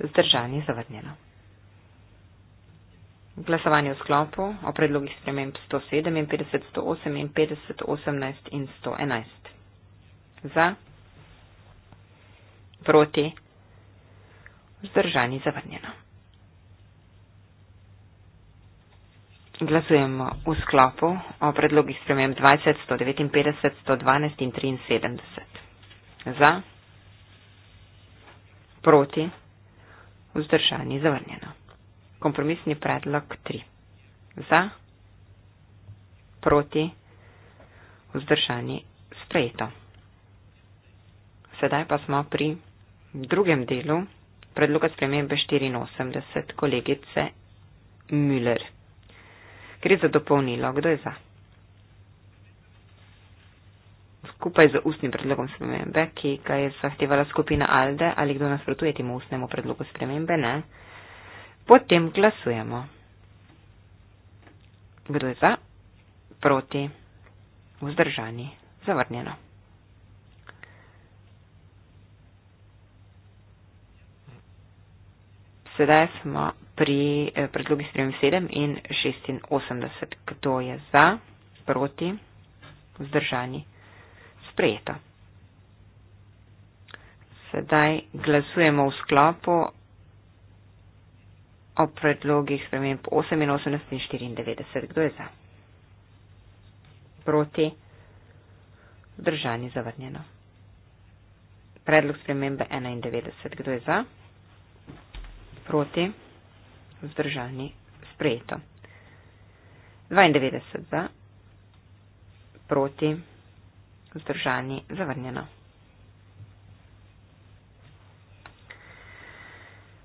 zdržanje zavrnjeno. Glasovanje v sklopu o predlogih sprememb 157, 158, 18 in 111. Za, proti, vzdržani, zavrnjeno. Glasujemo v sklopu o predlogih sprememb 20, 159, 112 in 73. Za, proti, vzdržani, zavrnjeno vzdržani zavrnjeno. Kompromisni predlog 3. Za, proti, vzdržani sprejeto. Sedaj pa smo pri drugem delu predloga spremembe 84 kolegice Müller. Gre za dopolnilo, kdo je za? skupaj z ustnim predlogom spremembe, ki ga je zahtevala skupina Alde ali kdo nasprotuje temu ustnemu predlogu spremembe, ne, potem glasujemo. Kdo je za? Proti? Vzdržani? Zavrnjeno. Sedaj smo pri eh, predlogi sprememb 7 in 86. Kdo je za? Proti? Vzdržani? sprejeto. Sedaj glasujemo v sklopu o predlogih spremenb 88 in 94. Kdo je za? Proti? Zdržani zavrnjeno. Predlog spremembe 91. Kdo je za? Proti? Zdržani sprejeto. 92 za? Proti? vzdržani zavrnjeno.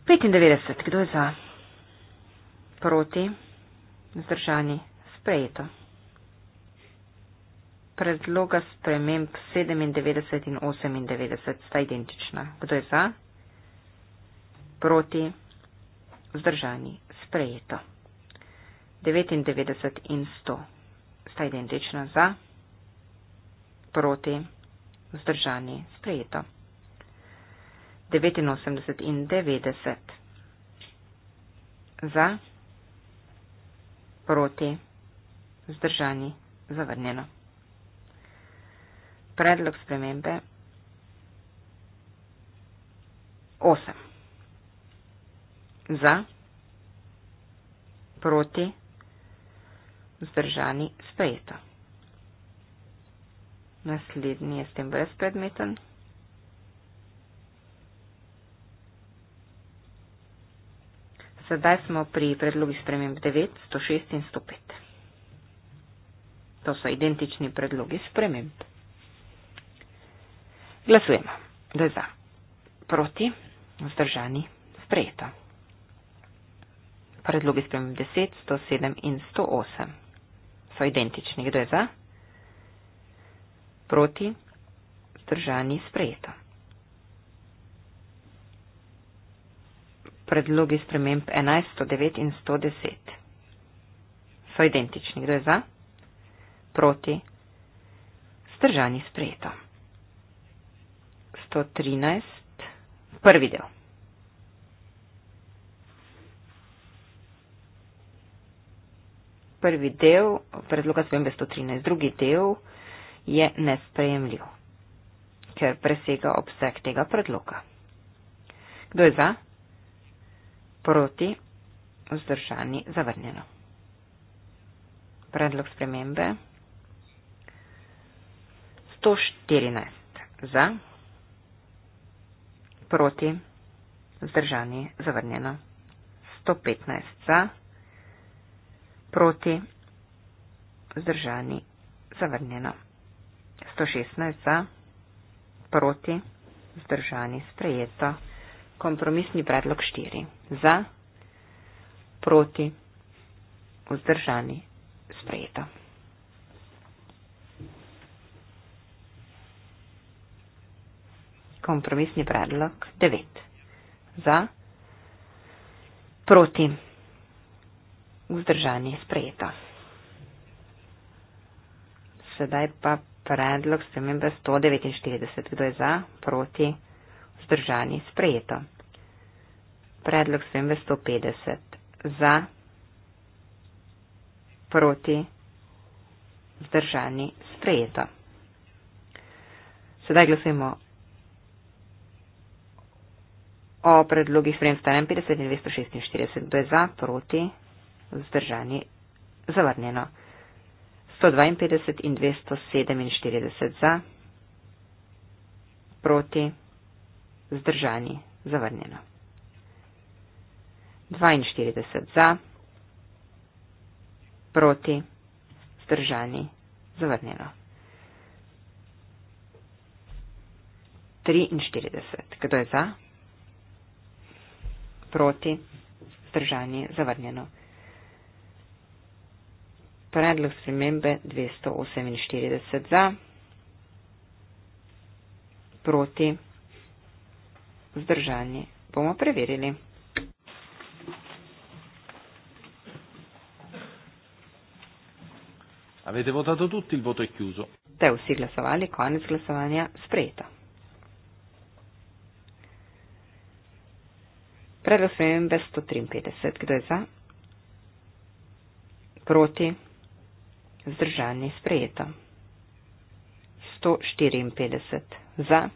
95. Kdo je za? Proti. Vzdržani sprejeto. Predloga sprememb 97 in 98 sta identična. Kdo je za? Proti. Vzdržani sprejeto. 99 in 100 sta identična za proti, vzdržani, sprejeto. 89 in 90. Za, proti, vzdržani, zavrnjeno. Predlog spremembe 8. Za, proti, vzdržani, sprejeto. Naslednji je s tem brezpredmeten. Sedaj smo pri predlogih sprememb 9, 106 in 105. To so identični predlogi sprememb. Glasujemo. Da je za. Proti. Vzdržani. Sprejeto. Predlogi sprememb 10, 107 in 108 so identični. Kdo je za? Proti. Zdržani sprejeto. Predlogi sprememb 11, 109 in 110 so identični. Kdo je za? Proti. Zdržani sprejeto. 113. Prvi del. Prvi del predloga spremembe 113. Drugi del je nesprejemljiv, ker presega obseg tega predloga. Kdo je za? Proti, vzdržani, zavrnjeno. Predlog spremembe. 114 za, proti, vzdržani, zavrnjeno. 115 za, proti, vzdržani, zavrnjeno. 116 za, proti, zdržani, sprejeto. Kompromisni predlog 4 za, proti, vzdržani, sprejeto. Kompromisni predlog 9 za, proti, vzdržani, sprejeto. Sedaj pa predlog spremembe 149. Kdo je za, proti, vzdržani, sprejeto. Predlog spremembe 150. Za, proti, vzdržani, sprejeto. Sedaj glasujemo o predlogih sprememb 151 in 246. Kdo je za, proti, vzdržani, zavrnjeno. 152 in 247 za, proti, zdržani, zavrnjeno. 42 za, proti, zdržani, zavrnjeno. 43. Kdo je za? Proti, zdržani, zavrnjeno predlog spremembe 248 za, proti, vzdržanje bomo preverili. Avete votato tutti, il voto è chiuso. Te vsi glasovali, konec glasovanja sprejeto. Predlog spremembe 153, kdo je za? Proti vzdržani sprejeto. 154 za,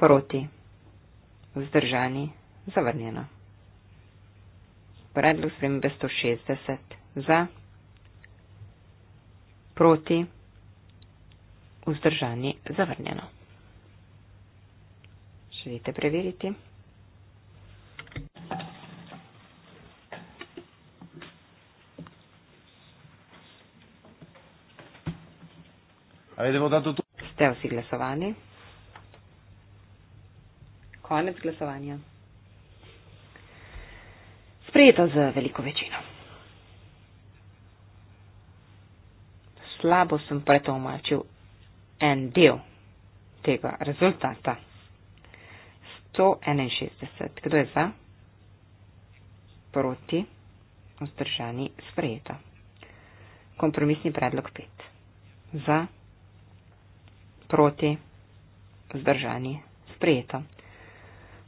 proti, vzdržani, zavrnjeno. Predlog spremembe 160 za, proti, vzdržani, zavrnjeno. Želite preveriti? Ajdemo dati tudi. Ste vsi glasovani? Konec glasovanja. Sprejeto z veliko večino. Slabo sem pretomačil en del tega rezultata. 161. Kdo je za? Proti. Vzdržani. Sprejeto. Kompromisni predlog 5. За proti, vzdržani, sprejeto.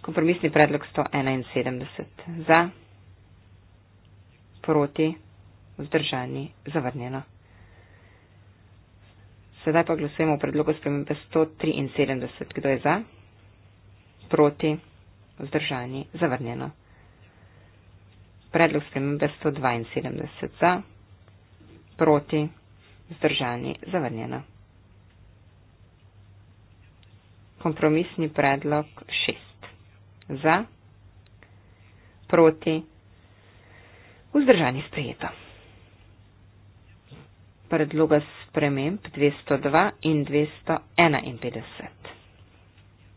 Kompromisni predlog 171 za, proti, vzdržani, zavrnjeno. Sedaj pa glasujemo o predlogu spremembe 173. Kdo je za? Proti, vzdržani, zavrnjeno. Predlog spremembe 172 za, proti, vzdržani, zavrnjeno kompromisni predlog šest. Za, proti, vzdržani sprejeto. Predloga sprememb 202 in 251.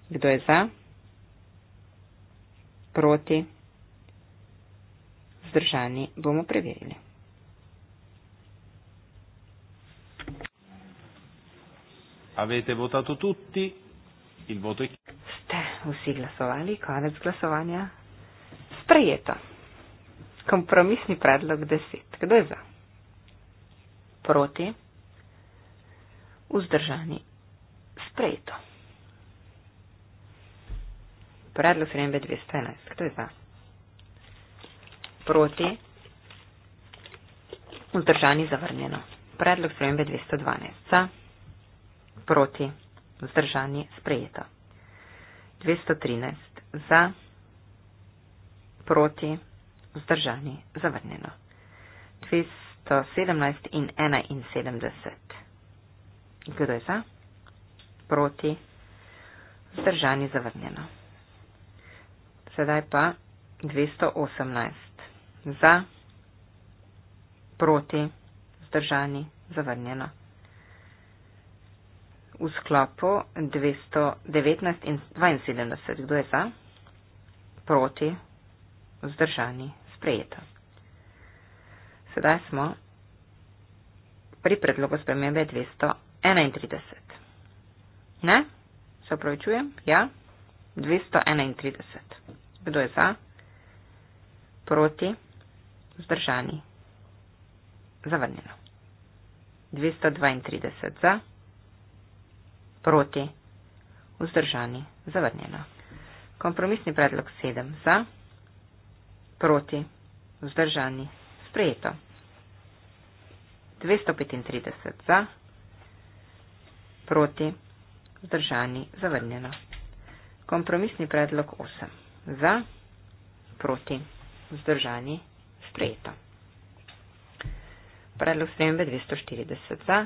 Kdo je za? Proti? Zdržani bomo preverili. Avete votato tutti? in votek. Ste vsi glasovali, konec glasovanja. Sprejeto. Kompromisni predlog deset. Kdo je za? Proti. Vzdržani. Sprejeto. Predlog sprejembe 211. Kdo je za? Proti. Vzdržani zavrnjeno. Predlog sprejembe 212. Proti vzdržanje sprejeto. 213 za, proti, vzdržanje zavrnjeno. 217 in 71. Kdo je za? Proti, vzdržanje zavrnjeno. Sedaj pa 218. Za, proti, vzdržanje zavrnjeno v sklopu 219 in 72. Kdo je za? Proti? Vzdržani? Sprejeto. Sedaj smo pri predlogu spremembe 231. Ne? Se opravičujem? Ja? 231. Kdo je za? Proti? Vzdržani? Zavrnjeno. 232 za proti, vzdržani, zavrnjeno. Kompromisni predlog 7 za, proti, vzdržani, sprejeto. 235 za, proti, vzdržani, zavrnjeno. Kompromisni predlog 8 za, proti, vzdržani, sprejeto. Predlog spremembe 240 za,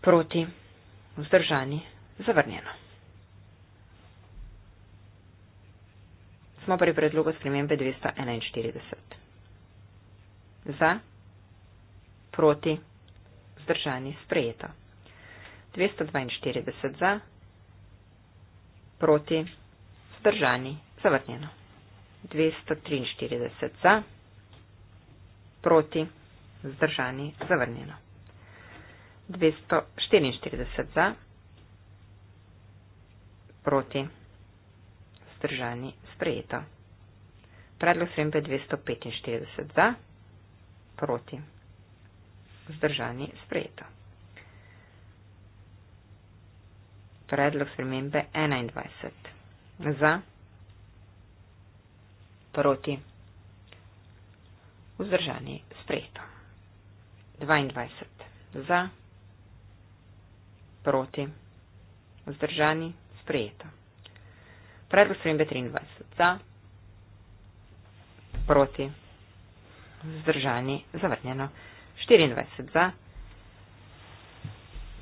proti, vzdržani vzdržani, zavrnjeno. Smo pri predlogu spremembe 241. Za, proti, vzdržani, sprejeto. 242 za, proti, vzdržani, zavrnjeno. 243 za, proti, vzdržani, zavrnjeno. 244 za, proti, vzdržani, sprejeto. Predlog spremembe 245 za, proti, vzdržani, sprejeto. Predlog spremembe 21 za, proti, vzdržani, sprejeto. 22 za, proti proti, vzdržani, sprejeto. Predlog spremembe 23. Za, proti, vzdržani, zavrnjeno. 24. Za,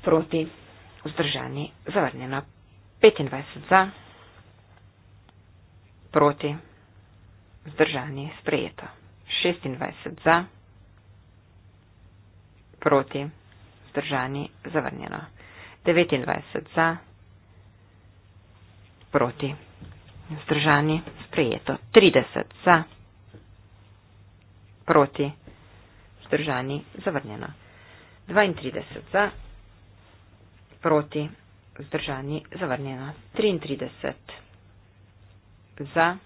proti, vzdržani, zavrnjeno. 25. Za, proti, vzdržani, sprejeto. 26. Za, proti, vzdržani, zavrnjeno. 29 za, proti, vzdržani, sprejeto, 30 za, proti, vzdržani, zavrnjeno, 32 za, proti, vzdržani, zavrnjeno, 33 za,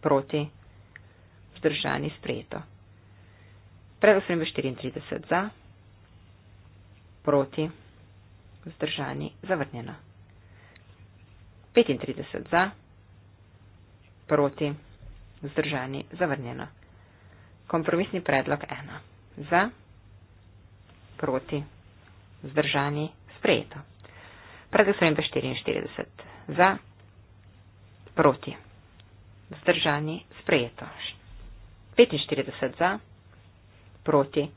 proti, vzdržani, sprejeto. Predvsem 34 za proti, vzdržani, zavrnjeno. 35 za, proti, vzdržani, zavrnjeno. Kompromisni predlog 1. Za, proti, vzdržani, sprejeto. Predlog 44. Za, proti, vzdržani, sprejeto. 45 za, proti,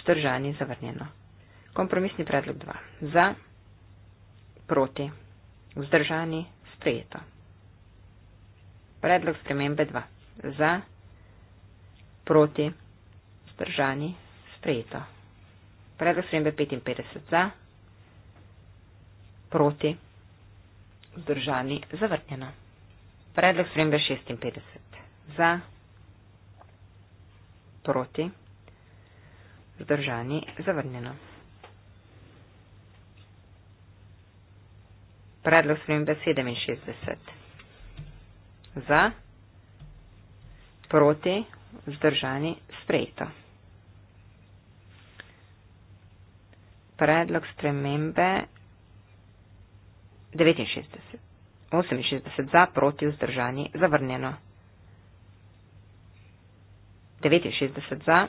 vzdržani, zavrnjeno. Kompromisni predlog 2. Za, proti, vzdržani, sprejeto. Predlog spremembe 2. Za, proti, vzdržani, sprejeto. Predlog spremembe 55. Za, proti, vzdržani, zavrnjeno. Predlog spremembe 56. Za, proti, vzdržani, zavrnjeno. Predlog spremembe 67. Za, proti, vzdržani, sprejeto. Predlog spremembe 69. 68 za, proti, vzdržani, zavrnjeno. 69 za,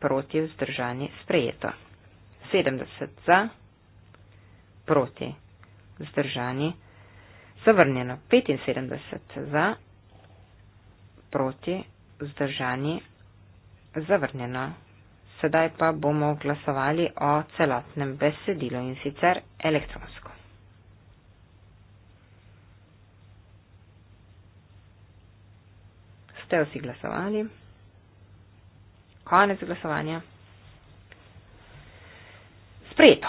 proti, vzdržani, sprejeto. 70 za, proti, vzdržani vzdržani, zavrnjeno 75 za, proti, vzdržani, zavrnjeno. Sedaj pa bomo glasovali o celotnem besedilu in sicer elektronsko. Ste vsi glasovali? Konec glasovanja. Sprejeto.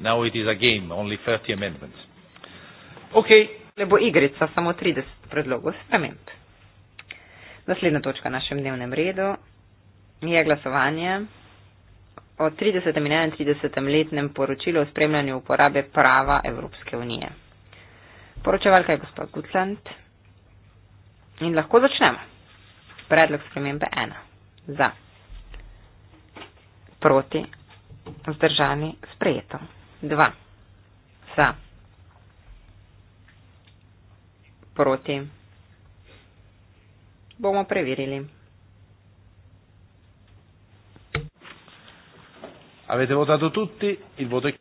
Now it is a game, only 30 amendments. Okay. Le bo igrica, samo 30 predlogov sprememb. Naslednja točka na našem dnevnem redu je glasovanje o 30. in 31. letnem poročilu o spremljanju uporabe prava Evropske unije. Poročevalka je gospod Gutland in lahko začnemo. Predlog spremembe 1. Za. Proti Vzdržani sprejeto. 2. Za. Proti. Bomo preverili. Avete votato tutti, il voto è...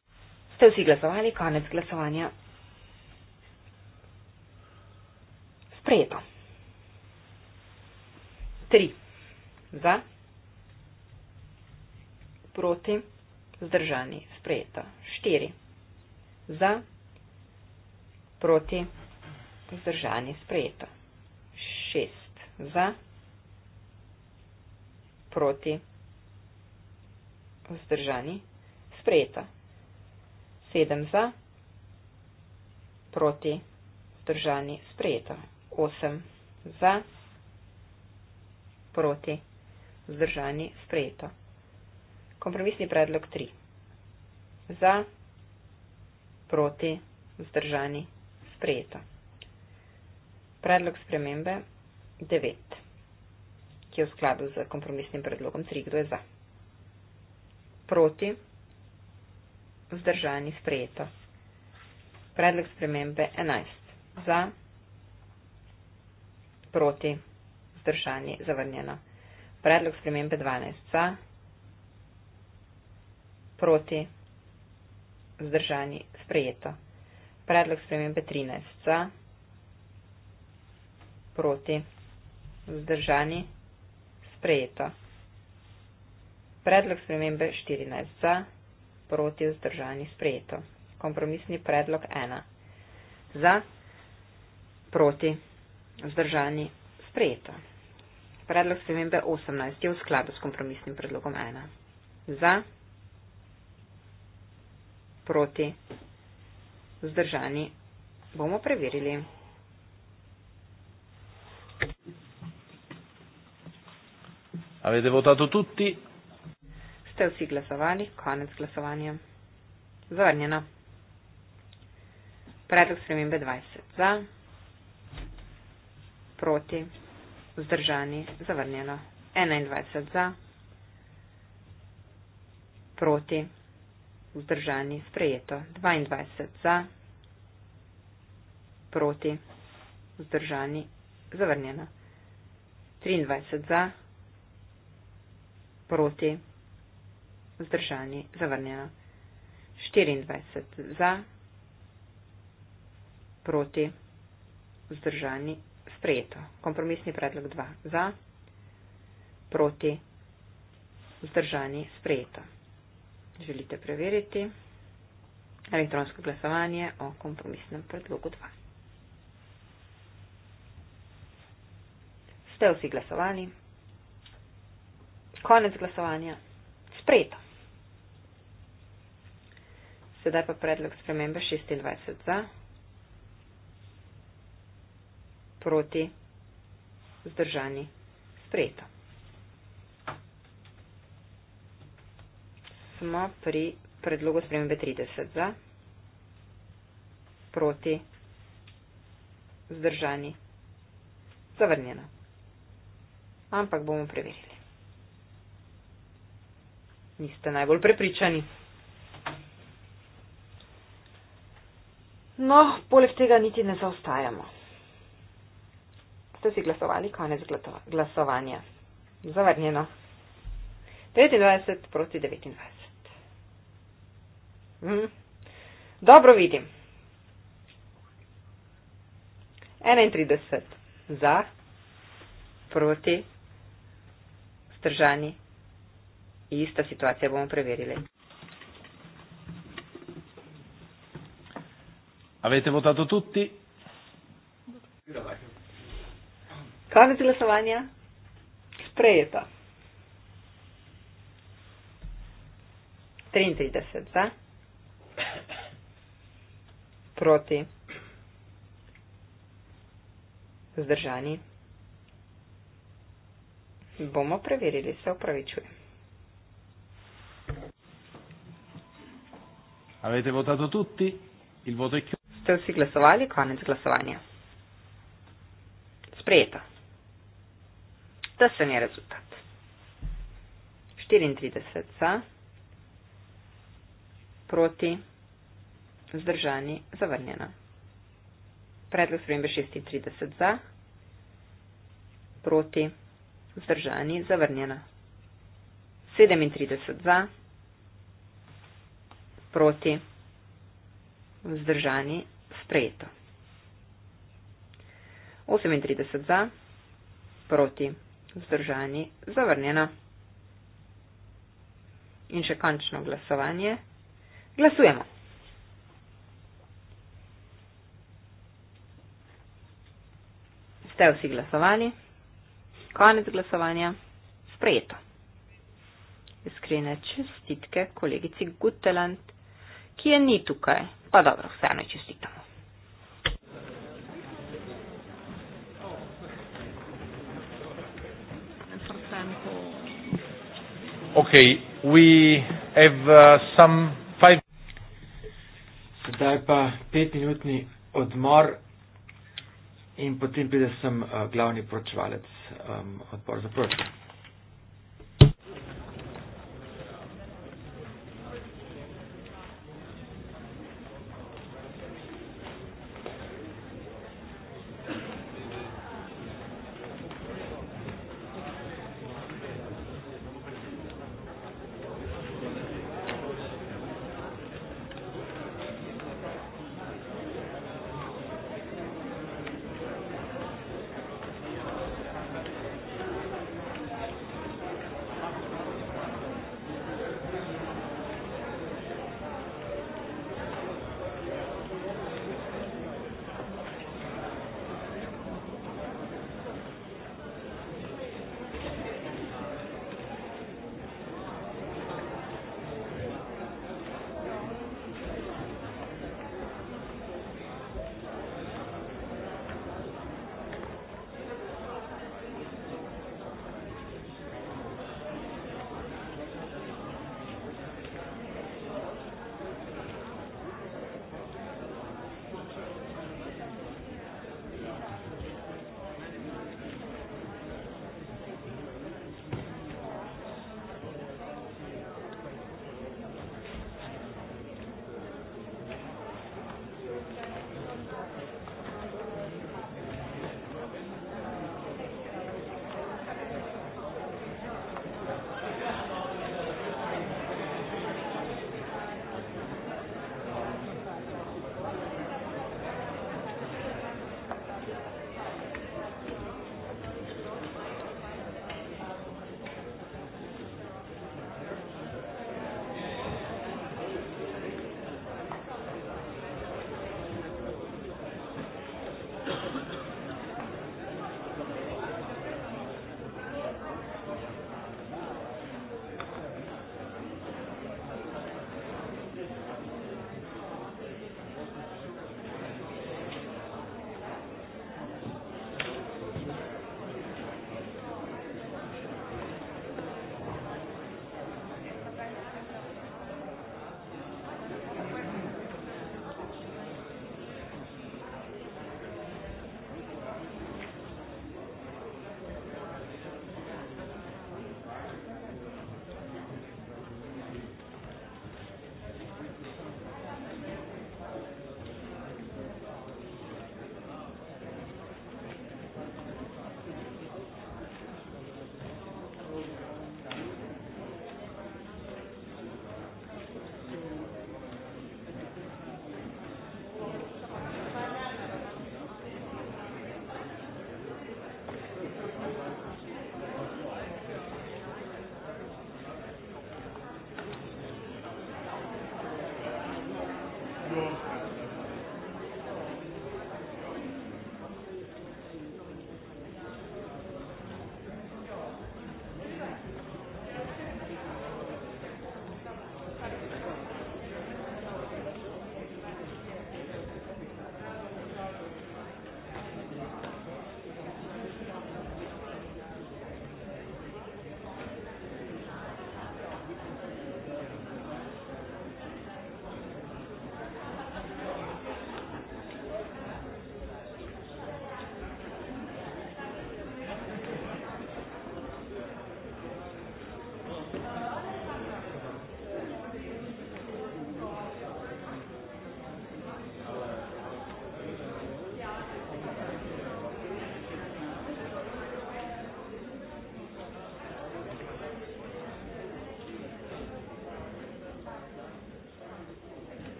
Ste vsi glasovali, konec glasovanja. Sprejeto. 3. Za. Proti. Zdržani, sprejeto. 4. Za, proti, zdržani, sprejeto. 6. Za, proti, zdržani, sprejeto. 7. Za, proti, zdržani, sprejeto. 8. Za, proti, zdržani, sprejeto. 9 kompromisni predlog 3. Za, proti, vzdržani, sprejeto. Predlog spremembe 9, ki je v skladu z kompromisnim predlogom 3, kdo je za. Proti, vzdržani, sprejeto. Predlog spremembe 11. Za, proti, vzdržani, zavrnjeno. Predlog spremembe 12. Za, proti, vzdržani, sprejeto. Predlog spremembe 13. Za, proti, vzdržani, sprejeto. Predlog spremembe 14. Za, proti, vzdržani, sprejeto. Kompromisni predlog 1. Za, proti, vzdržani, sprejeto. Predlog spremembe 18 je v skladu s kompromisnim predlogom 1. Za, proti. Vzdržani bomo preverili. Avete votato tutti? Ste vsi glasovali? Konec glasovanja. Zavrnjeno. Predlog spremembe 20. Za. Proti. Vzdržani. Zavrnjeno. 21. Za. Proti vzdržani, sprejeto. 22 za, proti, vzdržani, zavrnjeno. 23 za, proti, vzdržani, zavrnjeno. 24 za, proti, vzdržani, sprejeto. Kompromisni predlog 2 za, proti, vzdržani, sprejeto želite preveriti elektronsko glasovanje o kompromisnem predlogu 2. Ste vsi glasovali? Konec glasovanja. Sprejeto. Sedaj pa predlog spremembe 26 za, proti, zdržani, sprejeto. smo pri predlogu spremembe 30 za, proti, zdržani, zavrnjeno. Ampak bomo preverili. Niste najbolj prepričani. No, poleg tega niti ne zaostajamo. Ste si glasovali, konec glasovanja. Zavrnjeno. 29 proti 29. Mm. Dobro vidim. 31 za, proti, stržani. Ista situacija bomo preverili. Avete votato tutti? Konec glasovanja. Sprejeta. 33 za proti, zdržani. Bomo preverili, se upravičujem. Avete votato tutti? Il voto è chiuso. Ste vsi glasovali, konec glasovanja. Sprejeto. To se je rezultat. 34 za, proti Zdržani zavrnjeno. Predlog spremembe 36 za. Proti. Zdržani zavrnjeno. 37 za. Proti. Vzdržani sprejeto. 38 za, proti, vzdržani zavrnjeno. In še končno glasovanje. Glasujemo. Ste vsi glasovali? Konec glasovanja. Sprejeto. Iskrene čestitke kolegici Guteland, ki je ni tukaj. Pa dobro, vseeno čestitamo. Okay, we have, uh, some five... Zdaj pa petminutni odmor in potem pride sem uh, glavni poročevalec um, odbor za proračun.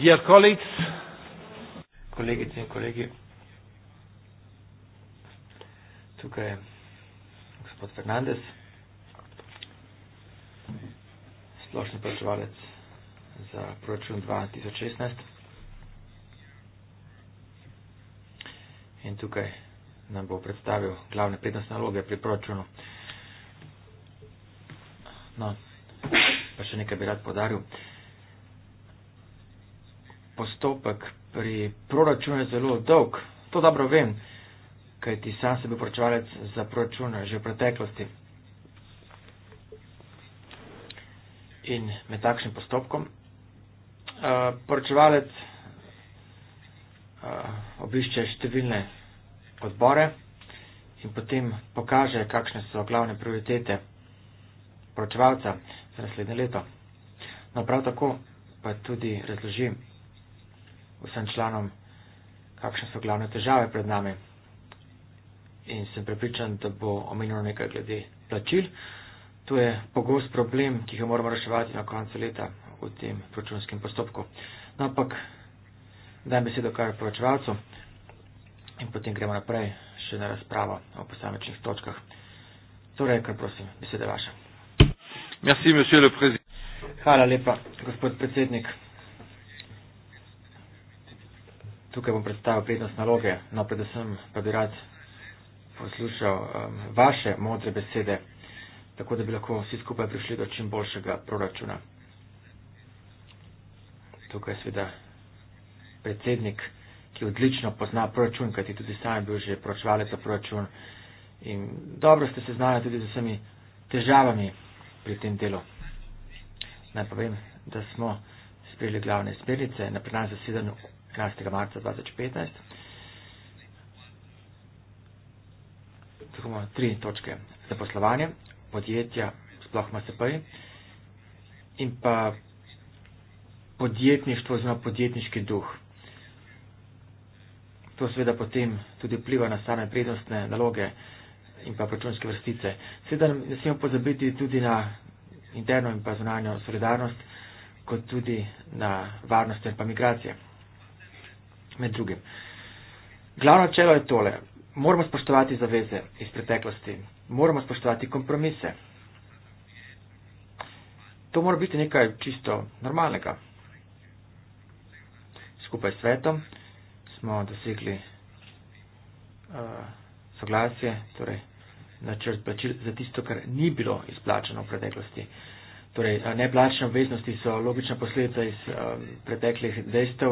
Dear colleagues, kolegice in kolegi, tukaj je gospod Fernandez, splošni pročevalec za proračun 2016. In tukaj nam bo predstavil glavne prednostne naloge pri proračunu. No, pa še nekaj bi rad podaril postopek pri proračunu je zelo dolg. To dobro vem, kaj ti sam sem bil poročevalec za proračune že v preteklosti. In med takšnim postopkom uh, poročevalec uh, obišče številne odbore in potem pokaže, kakšne so glavne prioritete poročevalca za naslednje leto. No, prav tako pa tudi razložim vsem članom, kakšne so glavne težave pred nami. In sem prepričan, da bo omenjeno nekaj glede plačil. To je pogost problem, ki ga moramo reševati na koncu leta v tem računskem postopku. No, ampak dajem besedo kar poročevalcu in potem gremo naprej še na razpravo o posamečnih točkah. Torej, kar prosim, beseda vaša. Merci, Hvala lepa, gospod predsednik. tukaj bom predstavil prednost naloge, no predvsem pa bi rad poslušal um, vaše modre besede, tako da bi lahko vsi skupaj prišli do čim boljšega proračuna. Tukaj je seveda predsednik, ki odlično pozna proračun, kajti tudi sam je bil že proračvalec za proračun in dobro ste se znali tudi z vsemi težavami pri tem delu. Naj povem, da smo sprejeli glavne smernice na prenajem zasedanju 13. marca 2015. Tako imamo tri točke. Zaposlovanje, podjetja, sploh MSP-ji in pa podjetništvo oziroma podjetniški duh. To seveda potem tudi vpliva na same prednostne naloge in pa računske vrstice. Seveda ne smemo pozabiti tudi na interno in pa zunanjo solidarnost, kot tudi na varnost in pa migracije med drugim. Glavno načelo je tole. Moramo spoštovati zaveze iz preteklosti, moramo spoštovati kompromise. To mora biti nekaj čisto normalnega. Skupaj s svetom smo dosegli uh, soglasje, torej načrt plačil za tisto, kar ni bilo izplačeno v preteklosti. Uh, Torej, neplačne obveznosti so logična posledica iz um, preteklih dejstev,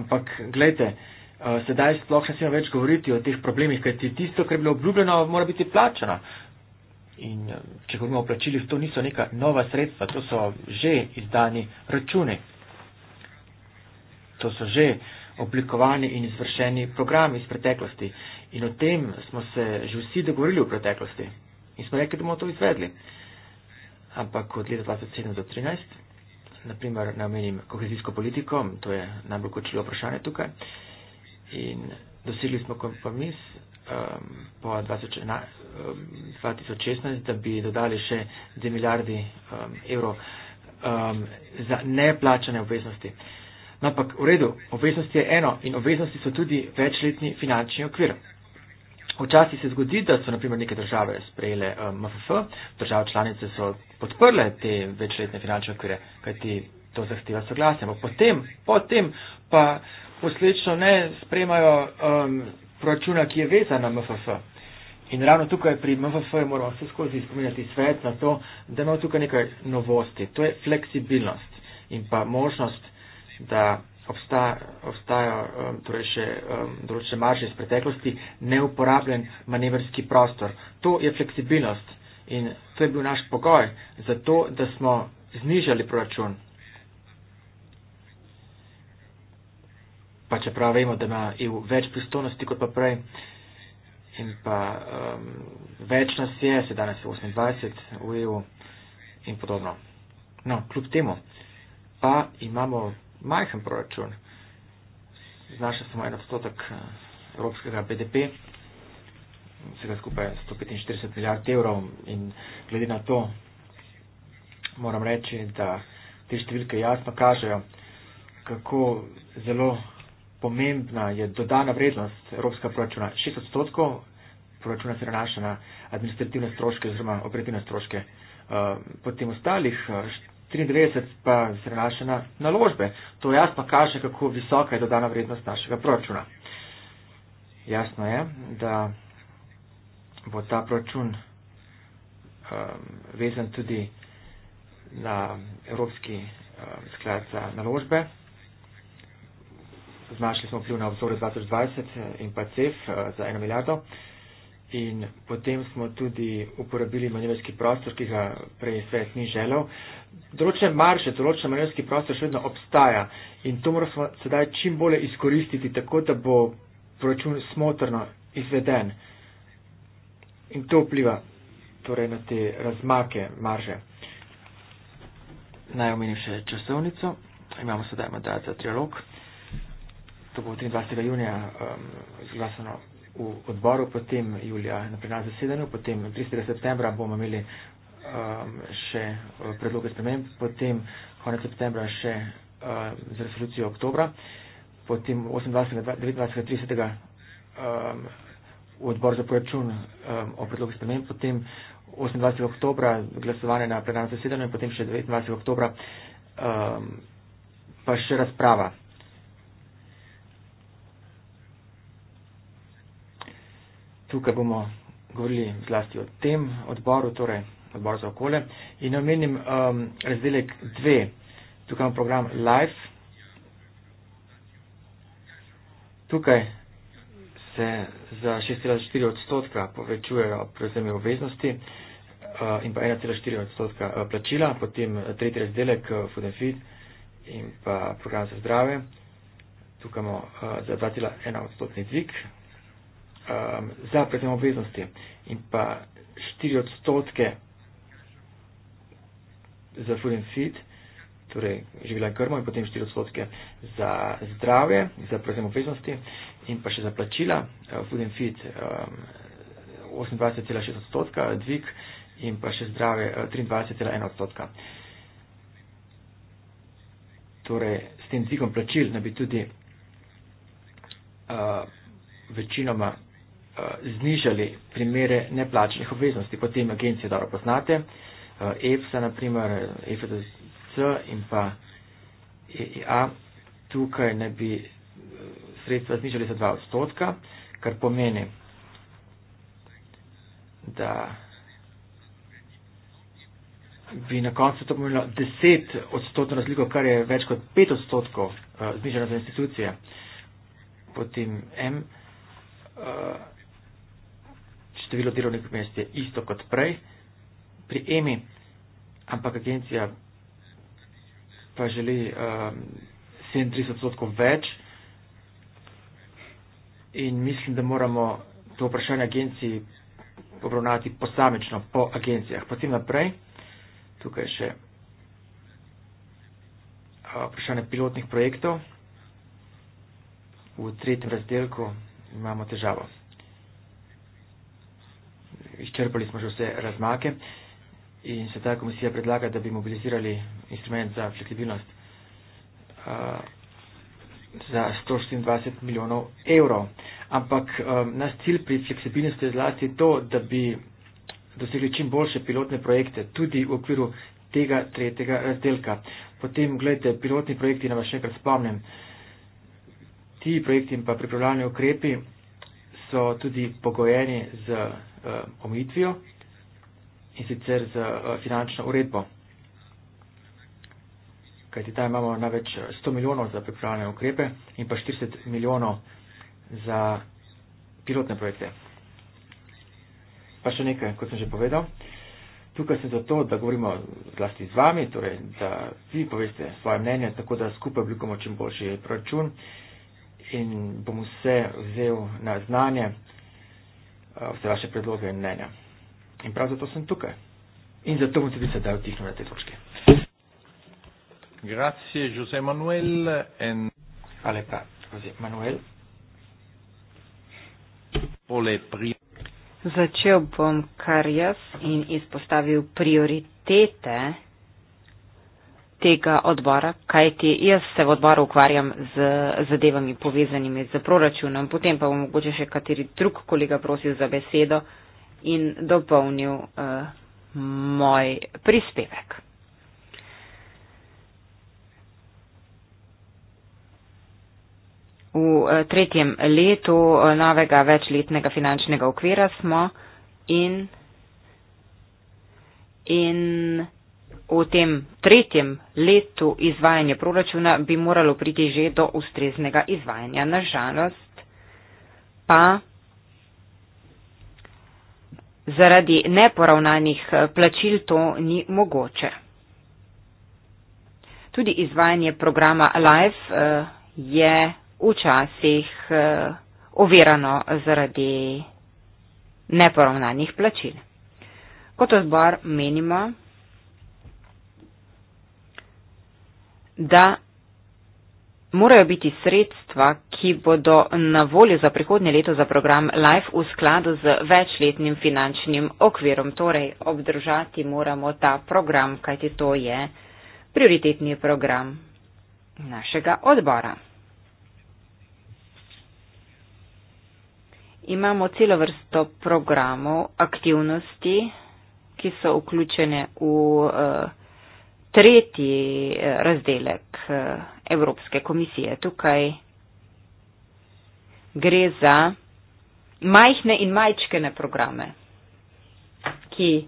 ampak gledajte, uh, sedaj sploh ne smemo več govoriti o teh problemih, kajti tisto, kar je bilo obljubljeno, mora biti plačano. In um, če govorimo o plačilih, to niso neka nova sredstva, to so že izdani računi. To so že oblikovani in izvršeni programi iz preteklosti. In o tem smo se že vsi dogovorili v preteklosti. In smo rekli, da bomo to izvedli. Uh, ampak od leta 2007 do 2013, naprimer namenim kohezijsko politiko, to je najbolj kočilo vprašanje tukaj, in dosegli smo kompromis um, po 2016, um, da bi dodali še 2 milijardi um, evrov um, za neplačane obveznosti. No, ampak v redu, obveznosti je eno in obveznosti so tudi večletni finančni okvir. Včasih se zgodi, da so naprimer neke države sprejele eh, MFF, države članice so podprle te večletne finančne okvire, kajti to zahteva soglasje. Potem, potem pa posledično ne sprejmajo um, proračuna, ki je vezan na MFF. In ravno tukaj pri MFF moramo vse skozi spominjati svet na to, da imamo tukaj nekaj novosti. To je fleksibilnost in pa možnost, da obsta, obstajajo um, torej še um, določene marže iz preteklosti, neuporabljen manevrski prostor. To je fleksibilnost in to je bil naš pogoj za to, da smo znižali proračun. Pa čeprav vemo, da ima EU več pristojnosti kot pa prej in pa um, več nas je, se danes je 28 v EU in podobno. No, kljub temu pa imamo majhen proračun, znaša samo en odstotek eh, evropskega BDP, vsega skupaj 145 milijard evrov in glede na to moram reči, da te številke jasno kažejo, kako zelo pomembna je dodana vrednost evropskega proračuna. 6 odstotkov proračuna se nanaša na administrativne stroške oziroma operativne stroške. Eh, potem ostalih eh, 93 pa se nanaša na naložbe. To jaz pa kaže, kako visoka je dodana vrednost našega proračuna. Jasno je, da bo ta proračun um, vezan tudi na Evropski um, sklad za naložbe. Znašli smo vpliv na obzore 2020 uh, in pa CEF uh, za eno milijardo. Uh, in potem smo tudi uporabili manjvski prostor, ki ga prej svet ni želel. Določen marš, določen manjvski prostor še vedno obstaja in to moramo sedaj čim bolje izkoristiti, tako da bo proračun smotrno izveden. In to vpliva torej na te razmake marže. Naj omenim še časovnico. Imamo sedaj mandat za trialog. To bo 23. junija um, izglasano v odboru, potem julija na plenarnem zasedanju, potem 30. septembra bomo imeli um, še uh, predloge sprememb, potem konec septembra še um, za resolucijo oktobra, potem 28.30. Um, odbor za proračun um, o predlogu sprememb, potem 28. oktobra glasovanje na plenarnem zasedanju in potem še 29. oktobra um, pa še razprava. tukaj bomo govorili zlasti o tem odboru, torej odboru za okolje. In omenim um, razdelek 2, tukaj imamo program Life. Tukaj se za 6,4 odstotka povečujejo prevzeme obveznosti uh, in pa 1,4 odstotka uh, plačila, potem uh, tretji razdelek Food and Feed in pa program za zdrave. Tukaj imamo za 2,1 odstotni dvig um, za prevzem obveznosti in pa 4 odstotke za food and feed, torej živila in krmo in potem 4 odstotke za zdravje, za prevzem obveznosti in pa še za plačila, uh, food and feed um, 28,6 odstotka, dvig in pa še zdravje uh, 23,1 odstotka. Torej, s tem dvigom plačil naj bi tudi uh, večinoma Eh, znižali primere neplačnih obveznosti. Potem agencije dobro poznate, eh, EFSA naprimer, EFSC in pa EIA, e tukaj ne bi eh, sredstva znižali za 2 odstotka, kar pomeni, da bi na koncu to pomenilo 10 odstotno razliko, kar je več kot 5 odstotkov znižano za institucije. Potem M število delovnih mest je isto kot prej pri EMI, ampak agencija pa želi um, 37 odstotkov več in mislim, da moramo to vprašanje agenciji obravnati posamično po agencijah. Potem naprej, tukaj še uh, vprašanje pilotnih projektov. V tretjem razdelku imamo težavo izčrpali smo že vse razmake in se ta komisija predlaga, da bi mobilizirali instrument za fleksibilnost za 124 milijonov evrov. Ampak um, naš cilj pri fleksibilnosti je zlasti to, da bi dosegli čim boljše pilotne projekte tudi v okviru tega tretjega razdelka. Potem, gledajte, pilotni projekti, na vas še enkrat spomnim, ti projekti in pa pripravljalni ukrepi so tudi pogojeni z Eh, omejitvijo in sicer z eh, finančno uredbo. Kajti tam imamo največ 100 milijonov za pripravljene ukrepe in pa 40 milijonov za pilotne projekte. Pa še nekaj, kot sem že povedal. Tukaj sem zato, da govorimo zlasti z vami, torej da vi poveste svoje mnenje, tako da skupaj oblikujemo čim boljši proračun in bom vse vzel na znanje, vse eh, vaše predloge in mnenja. In prav zato sem tukaj. In zato bom tudi sedaj vtihnil na te točke. Grazie, José Manuel. En... Hvala lepa, José Manuel. Pri... Začel bom kar jaz in izpostavil prioritete tega odbora, kajti jaz se v odboru ukvarjam z zadevami povezanimi z proračunom, potem pa bom mogoče še kateri drug kolega prosil za besedo in dopolnil uh, moj prispevek. V eh, tretjem letu eh, novega večletnega finančnega okvira smo in, in v tem tretjem letu izvajanje proračuna bi moralo priti že do ustreznega izvajanja. Nažalost pa zaradi neporavnanih eh, plačil to ni mogoče. Tudi izvajanje programa Life eh, je včasih eh, ovirano zaradi neporavnanih plačil. Kot odbor menimo, da morajo biti sredstva, ki bodo na voljo za prihodnje leto za program LIFE v skladu z večletnim finančnim okvirom. Torej, obdržati moramo ta program, kajti to je prioritetni program našega odbora. Imamo celo vrsto programov, aktivnosti, ki so vključene v. Uh, tretji eh, razdelek eh, Evropske komisije. Tukaj gre za majhne in majčkene programe, ki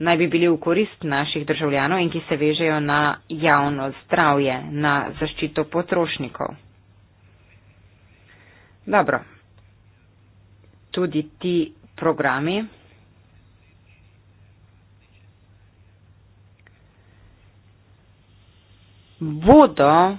naj bi bili v korist naših državljanov in ki se vežejo na javno zdravje, na zaščito potrošnikov. Dobro. Tudi ti programi bodo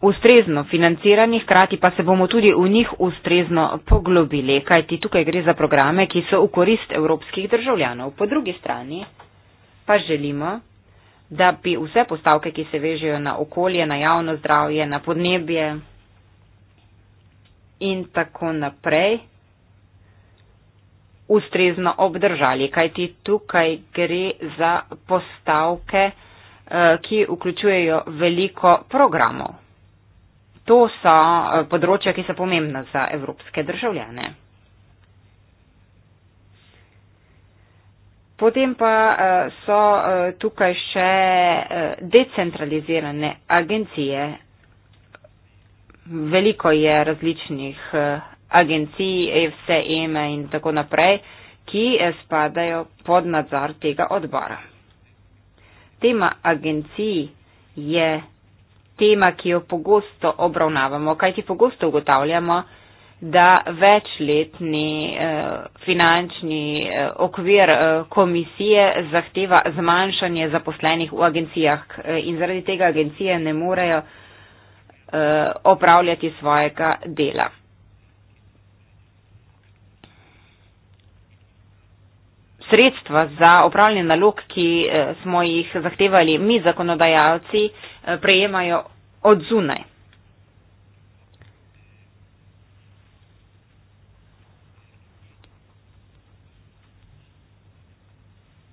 ustrezno financirani, hkrati pa se bomo tudi v njih ustrezno poglobili, kajti tukaj gre za programe, ki so v korist evropskih državljanov. Po drugi strani pa želimo, da bi vse postavke, ki se vežejo na okolje, na javno zdravje, na podnebje in tako naprej, ustrezno obdržali, kajti tukaj gre za postavke, eh, ki vključujejo veliko programov. To so eh, področja, ki so pomembna za evropske državljane. Potem pa eh, so tukaj še decentralizirane agencije. Veliko je različnih agencij, e FCM e, e in tako naprej, ki eh, spadajo pod nadzor tega odbora. Tema agencij je tema, ki jo pogosto obravnavamo, kajti pogosto ugotavljamo, da večletni eh, finančni eh, okvir komisije zahteva zmanjšanje zaposlenih v agencijah in zaradi tega agencije ne morejo opravljati svojega dela. sredstva za upravljanje nalog, ki eh, smo jih zahtevali mi zakonodajalci, eh, prejemajo od zunaj.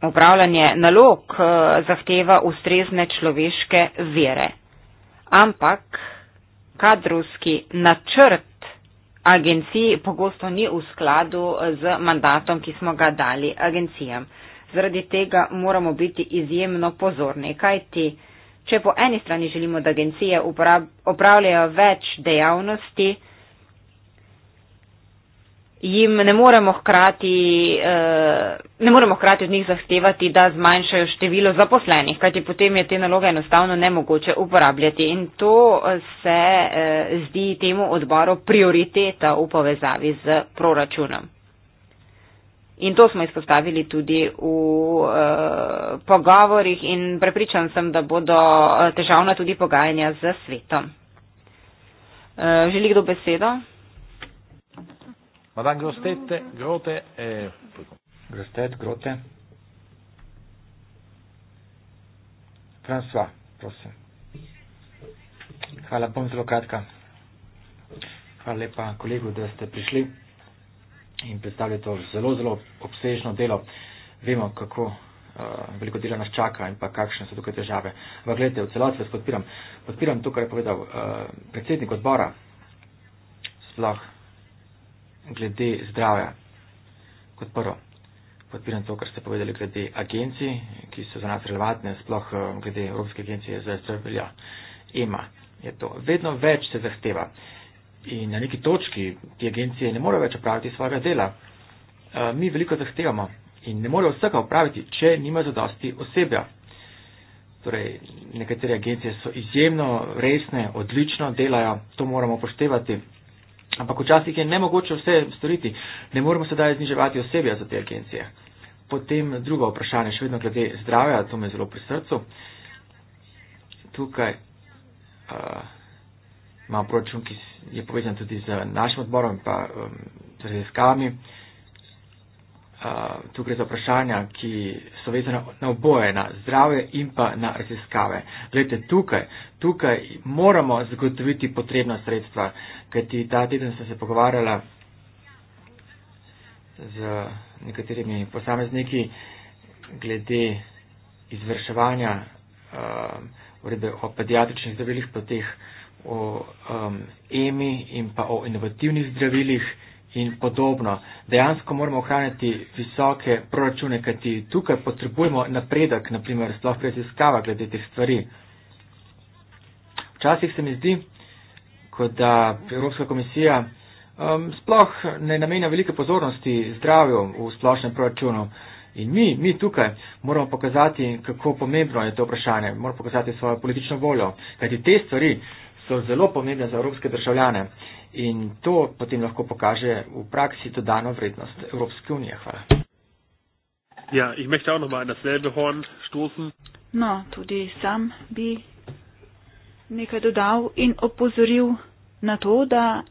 Upravljanje nalog eh, zahteva ustrezne človeške vire, ampak kadrovski načrt agencij pogosto ni v skladu z mandatom, ki smo ga dali agencijam. Zaradi tega moramo biti izjemno pozorni, kajti če po eni strani želimo, da agencije upravljajo več dejavnosti, jim ne moremo hkrati, eh, ne moremo hkrati od njih zahtevati, da zmanjšajo število zaposlenih, kajti potem je te naloge enostavno nemogoče uporabljati. In to eh, se eh, zdi temu odboru prioriteta v povezavi z proračunom. In to smo izpostavili tudi v eh, pogovorih in prepričan sem, da bodo eh, težavna tudi pogajanja z svetom. Eh, želi kdo besedo? Madame Grostette, Grote e... Grostette, Grote. François, prosim. Hvala, bom zelo kratka. Hvala lepa kolegu, da ste prišli in predstavljate to zelo, zelo obsežno delo. Vemo, kako uh, veliko dela nas čaka in pa kakšne so tukaj težave. Ampak gledajte, v celoti vas podpiram. Podpiram to, kar je povedal uh, predsednik odbora. Sploh glede zdravja. Kot prvo, podpiram to, kar ste povedali glede agencij, ki so za nas relevantne, sploh eh, glede Evropske agencije za zdravje, EMA. Je to. Vedno več se zahteva in na neki točki te agencije ne morejo več opraviti svojega dela. Eh, mi veliko zahtevamo in ne morejo vsega opraviti, če nima zadosti osebja. Torej, nekatere agencije so izjemno resne, odlično delajo, to moramo poštevati. Ampak včasih je nemogoče vse storiti. Ne moremo sedaj zniževati osebja za te agencije. Potem drugo vprašanje, še vedno glede zdravja, to me je zelo pri srcu. Tukaj uh, imam proračun, ki je povezan tudi z našim odborom in pa um, z raziskavami. Uh, tu gre za vprašanja, ki so vezana na oboje, na zdravje in pa na raziskave. Glede tukaj, tukaj moramo zagotoviti potrebna sredstva, kajti ta teden sem se pogovarjala z nekaterimi posamezniki glede izvrševanja uh, uredbe o pediatričnih zdravilih, potih o um, EMI in pa o inovativnih zdravilih in podobno. Dejansko moramo ohraniti visoke proračune, kajti tukaj potrebujemo napredek, naprimer, sploh preiziskava glede teh stvari. Včasih se mi zdi, kot da Evropska komisija um, sploh ne namenja velike pozornosti zdravju v splošnem proračunu. In mi, mi tukaj moramo pokazati, kako pomembno je to vprašanje, moramo pokazati svojo politično voljo, kajti te stvari so zelo pomembne za evropske državljane in to potem lahko pokaže v praksi dodano vrednost Evropske unije. Hvala. Ja, ich möchte auch nochmal an dasselbe Horn stoßen. No, tudi sam bi nekaj dodal in opozoril na to, da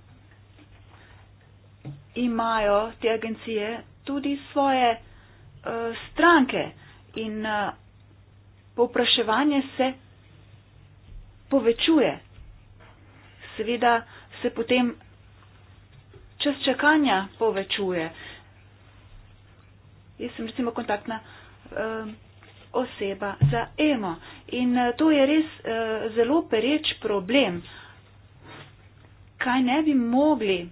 imajo te agencije tudi svoje uh, stranke in uh, povpraševanje se povečuje seveda se potem čas čakanja povečuje. Jaz sem recimo kontaktna uh, oseba za emo in uh, to je res uh, zelo pereč problem. Kaj ne bi mogli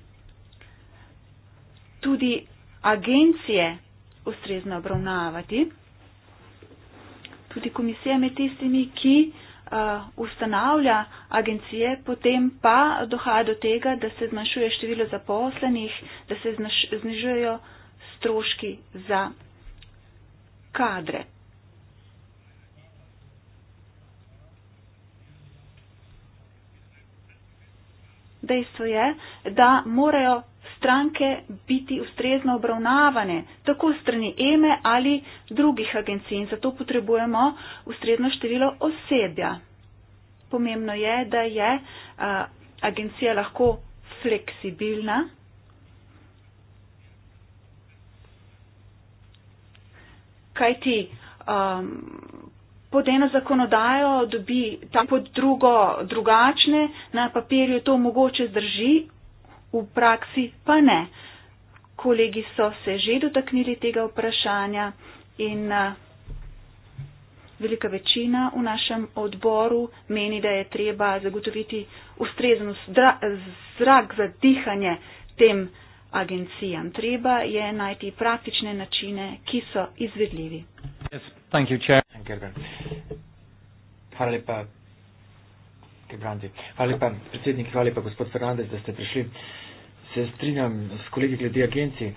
tudi agencije ustrezno obravnavati, tudi komisijami tistimi, ki uh, Uh, ustanavlja agencije, potem pa dohaja do tega, da se zmanjšuje število zaposlenih, da se znižujejo stroški za kadre. Dejstvo je, da morajo stranke biti ustrezno obravnavane, tako strani EME e ali drugih agencij in zato potrebujemo ustrezno število osebja. Pomembno je, da je a, agencija lahko fleksibilna. Kaj ti um, pod eno zakonodajo dobi, ta pod drugo drugačne, na papirju to mogoče zdrži, v praksi pa ne. Kolegi so se že dotaknili tega vprašanja in velika večina v našem odboru meni, da je treba zagotoviti ustrezen zrak za dihanje tem agencijam. Treba je najti praktične načine, ki so izvedljivi. Yes, thank you, Hvala lepa, Kebrandi. Hvala lepa, predsednik, hvala lepa, gospod Fernandez, da ste prišli. Se strinjam s kolegi glede agencij,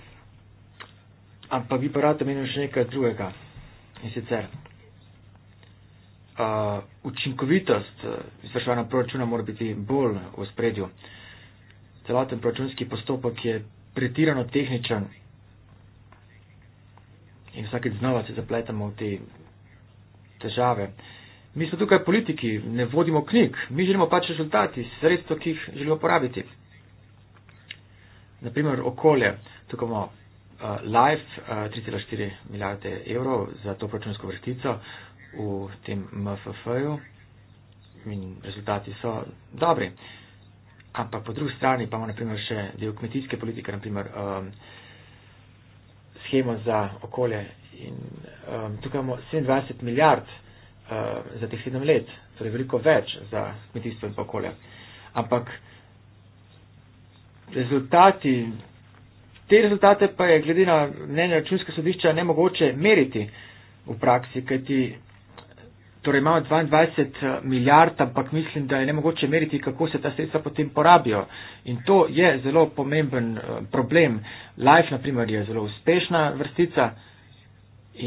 ampak bi pa rad omenil še nekaj drugega. In sicer uh, učinkovitost izvrševanja proračuna mora biti bolj v spredju. Celoten proračunski postopek je pretirano tehničen in vsake znova se zapletamo v te težave. Uh, Mi smo tukaj politiki, ne vodimo knjig, mi želimo pač rezultati, sredstvo, ki jih želimo porabiti. Naprimer, okolje. Tukaj imamo uh, Life, uh, eh, 3,4 milijarde evrov za to proračunsko vrstico v tem MFF-ju in rezultati so dobri. Ampak po drugi strani pa imamo naprimer še del kmetijske politike, naprimer um, eh, schemo za okolje. In, um, tukaj imamo 27 milijard evrov. Eh, za teh sedem let, torej veliko več za kmetijstvo in okolje. Ampak rezultati, te rezultate pa je glede na mnenje računske sodišča ne mogoče meriti v praksi, kajti torej imamo 22 eh, milijard, ampak mislim, da je ne mogoče meriti, kako se ta sredstva potem porabijo. In to je zelo pomemben eh, problem. Life, na primer, je zelo uspešna vrstica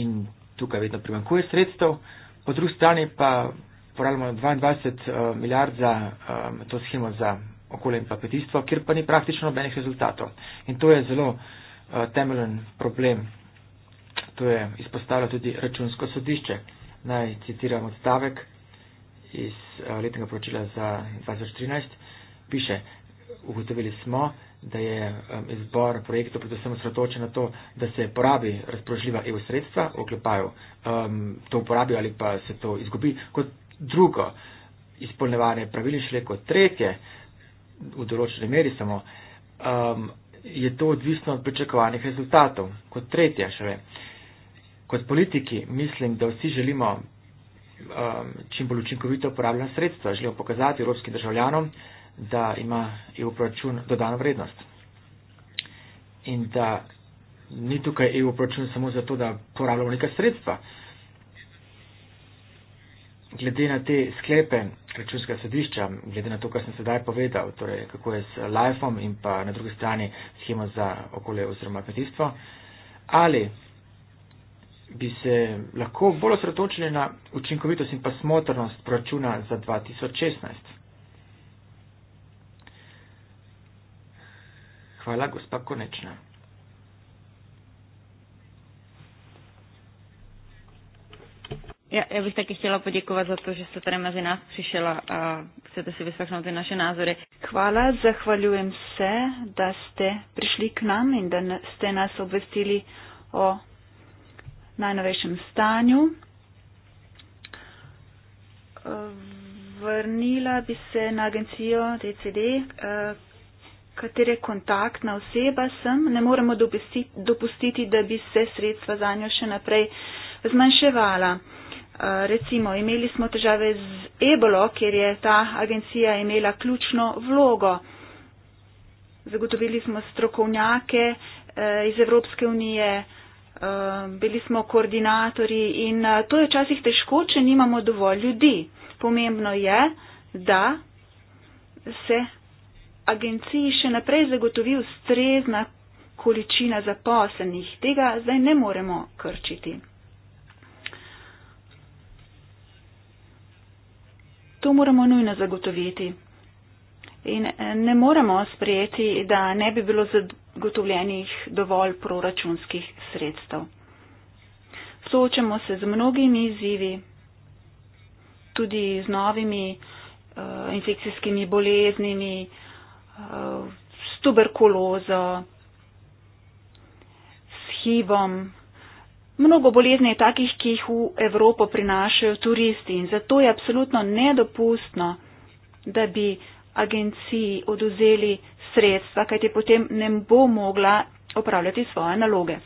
in tukaj vedno primankuje sredstev. Uh, Po drugi strani pa porabimo 22 uh, eh, milijard za um, to schemo za okolje in pa petistvo, kjer pa ni praktično nobenih rezultatov. In to je zelo uh, temeljen problem. To je izpostavilo tudi računsko sodišče. Naj citiram odstavek iz uh, letnega poročila za 2013. Piše, ugotovili smo, da je um, izbor projektov predvsem osredotočen na to, da se porabi razpoložljiva EU sredstva, oklepajo um, to uporabijo ali pa se to izgubi. Kot drugo, izpolnevanje pravil šele kot tretje, v določenem meri samo, um, je to odvisno od pričakovanih rezultatov. Kot tretje še ve. Kot politiki mislim, da vsi želimo um, čim bolj učinkovito uporabljena sredstva, želimo pokazati evropskim državljanom, da ima EU proračun dodano vrednost. In da ni tukaj EU proračun samo zato, da porabljamo neka sredstva. Glede na te sklepe računskega sodišča, glede na to, kar sem sedaj povedal, torej kako je s LIFE-om in pa na drugi strani schemo za okolje oziroma kmetijstvo, ali bi se lahko bolj osredotočili na učinkovitost in pa smotrnost proračuna za 2016. Hvala, gospa Konečna. Ja, ja bih taky chtěla poděkovat za to, že jste tady mezi nás přišla a chcete si vyslechnout ty naše názory. Hvala, zahvaljujem se, da jste přišli k nám in da jste nás obvestili o najnovejšem stanju. Vrnila bi se na agencijo DCD, katere kontaktna oseba sem, ne moremo dopustiti, dopustiti da bi se sredstva za njo še naprej zmanjševala. Uh, recimo, imeli smo težave z ebolo, kjer je ta agencija imela ključno vlogo. Zagotovili smo strokovnjake uh, iz Evropske unije, uh, bili smo koordinatori in to je včasih težko, če nimamo dovolj ljudi. Pomembno je, da se agenciji še naprej zagotovi ustrezna količina zaposlenih. Tega zdaj ne moremo krčiti. To moramo nujno zagotoviti. In eh, ne moremo sprejeti, da ne bi bilo zagotovljenih dovolj proračunskih sredstev. Soočamo se z mnogimi izzivi, tudi z novimi uh, infekcijskimi boleznimi, uh, s tuberkulozo, s HIV-om. Mnogo bolezni je takih, ki jih v Evropo prinašajo turisti in zato je absolutno nedopustno, da bi agenciji oduzeli sredstva, kajti potem ne bo mogla opravljati svoje naloge.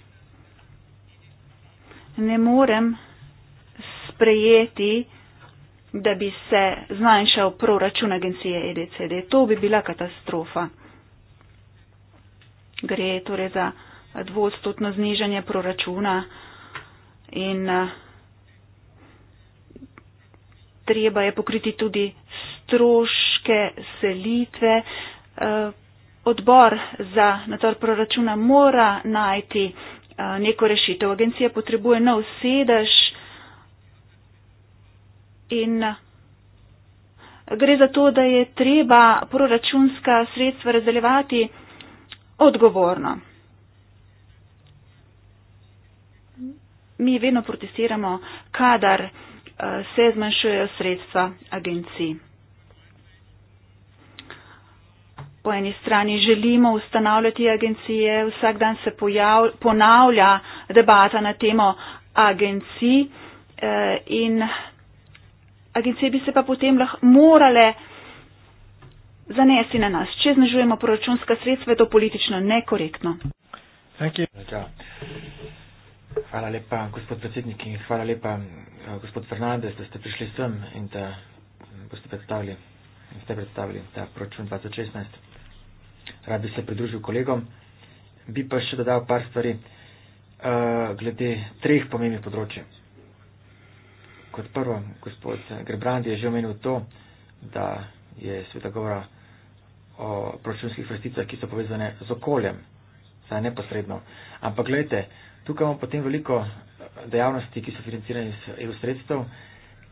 Ne morem sprejeti, da bi se zmanjšal proračun agencije EDCD. To bi bila katastrofa. Gre torej za dvostotno znižanje proračuna in eh, treba je pokriti tudi stroške selitve. Eh, odbor za nadzor proračuna mora najti eh, neko rešitev. Agencija potrebuje nov sedež, In eh, gre za to, da je treba proračunska sredstva razdeljevati odgovorno. Mi vedno protestiramo, kadar eh, se zmanjšujejo sredstva agencij. Po eni strani želimo ustanavljati agencije, vsak dan se pojav, ponavlja debata na temo agencij eh, in agencije bi se pa potem lahko morale zanesti na nas. Če znižujemo proračunska sredstva, je to politično nekorektno. Hvala lepa, gospod predsednik, in hvala lepa, eh, gospod Fernandez, da ste prišli sem in da mm, boste predstavili, in ste predstavili ta proračun 2016. Rad bi se pridružil kolegom. Bi pa še dodal par stvari uh, glede treh pomembnih področjih kot prvo, gospod Grebrandi je že omenil to, da je sveta govora o proračunskih vrsticah, ki so povezane z okoljem, saj neposredno. Ampak gledajte, tukaj imamo potem veliko eh, dejavnosti, ki so financirane iz EU sredstev,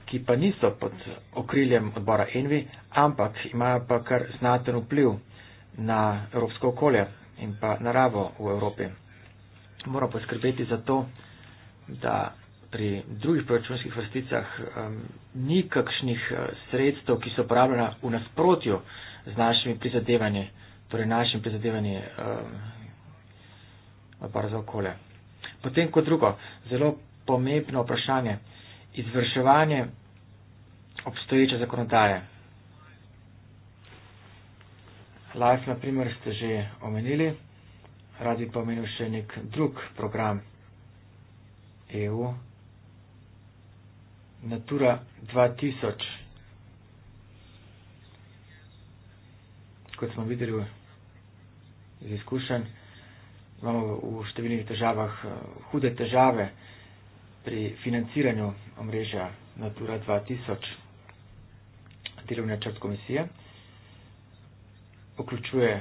ki pa niso pod okriljem odbora Envi, ampak imajo pa kar znaten vpliv na evropsko okolje in pa naravo v Evropi. Moramo poskrbeti za to, da pri drugih proračunskih vrsticah um, ni kakšnih eh, sredstev, ki so uporabljena v nasprotju z našimi prizadevanji, torej našim prizadevanji um, za okolje. Potem kot drugo, zelo pomembno vprašanje, izvrševanje obstoječe zakonodaje. Life, na primer, ste že omenili, rad bi pa omenil še nek drug program EU, Natura 2000. Kot smo videli iz izkušenj, imamo v številnih težavah eh, hude težave pri financiranju omrežja Natura 2000. Delovni načrt komisije vključuje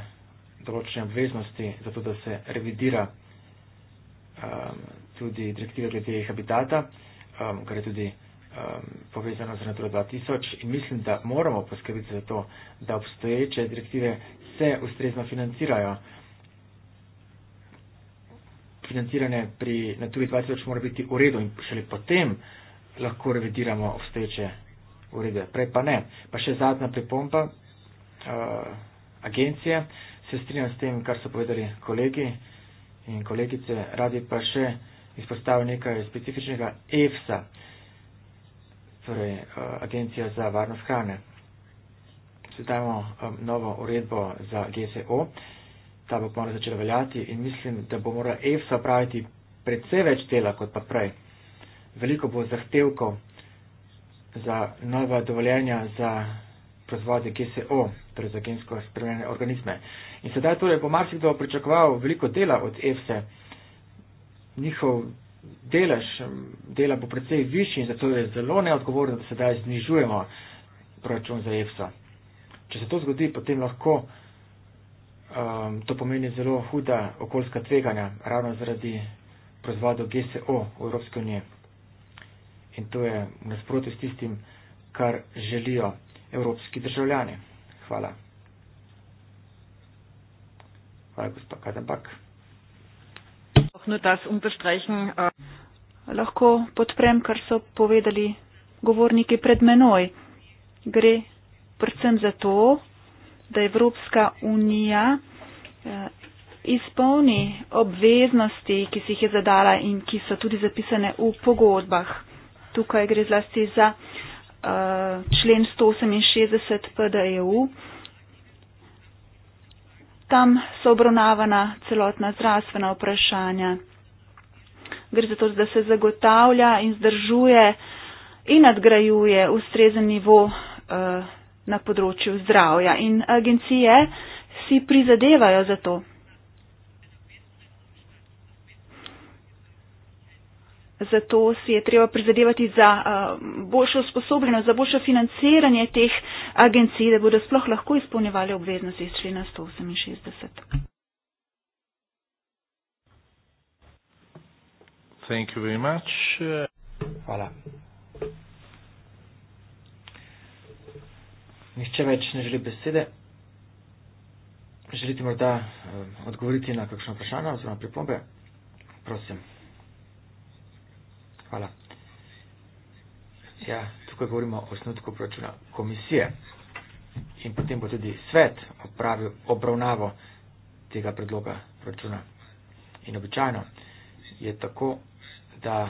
določene obveznosti, zato da se revidira um, tudi direktiva glede habitata, um, kar je tudi um, povezano z Natura 2000 in mislim, da moramo poskrbiti za to, da obstoječe direktive se ustrezno financirajo. Financiranje pri Naturi 2000 mora biti v redu in šele potem lahko revidiramo obstoječe urede, prej pa ne. Pa še zadnja pripomba uh, agencije, se strinjam s tem, kar so povedali kolegi in kolegice, radi pa še izpostavljam nekaj specifičnega EFSA. Uh, torej eh, Agencija za varnost hrane. Sedajmo eh, novo uredbo za GSO, ta bo pomalo začela veljati in mislim, da bo morala EFSA praviti predvsej več dela kot pa prej. Veliko bo zahtevkov za nova dovoljenja za proizvode GSO, torej za gensko spremenjene organizme. In sedaj torej bo marsikdo pričakoval veliko dela od EFSA. Njihov delež dela bo precej višji in zato je zelo neodgovorno, da sedaj znižujemo proračun za EFSA. Če se to zgodi, potem lahko um, to pomeni zelo huda okoljska tveganja, ravno zaradi proizvodov GSO v Evropske unije. In to je nasprotje s tistim, kar želijo evropski državljani. Hvala. Hvala, gospod Kadenbach. Äh, Lahko podprem, kar so povedali govorniki pred menoj. Gre predvsem za to, da Evropska unija eh, izpolni obveznosti, ki si jih je zadala in ki so tudi zapisane v pogodbah. Tukaj gre zlasti za eh, člen 168 PDEU tam so obravnavana celotna zdravstvena vprašanja. Gre za to, da se zagotavlja in zdržuje in nadgrajuje ustrezen nivo eh, na področju zdravja. In agencije si prizadevajo za to. Zato si je treba prizadevati za eh, boljšo sposobnost, za boljšo financiranje teh agencij, da bodo sploh lahko izpolnjevali obveznosti iz člena 168. Thank you very much. Hvala. Nihče več ne želi besede. Želite morda eh, odgovoriti na kakšno vprašanje oziroma pripombe? Prosim hvala. Ja, tukaj govorimo o osnutku proračuna komisije in potem bo tudi svet opravil obravnavo tega predloga proračuna. In običajno je tako, da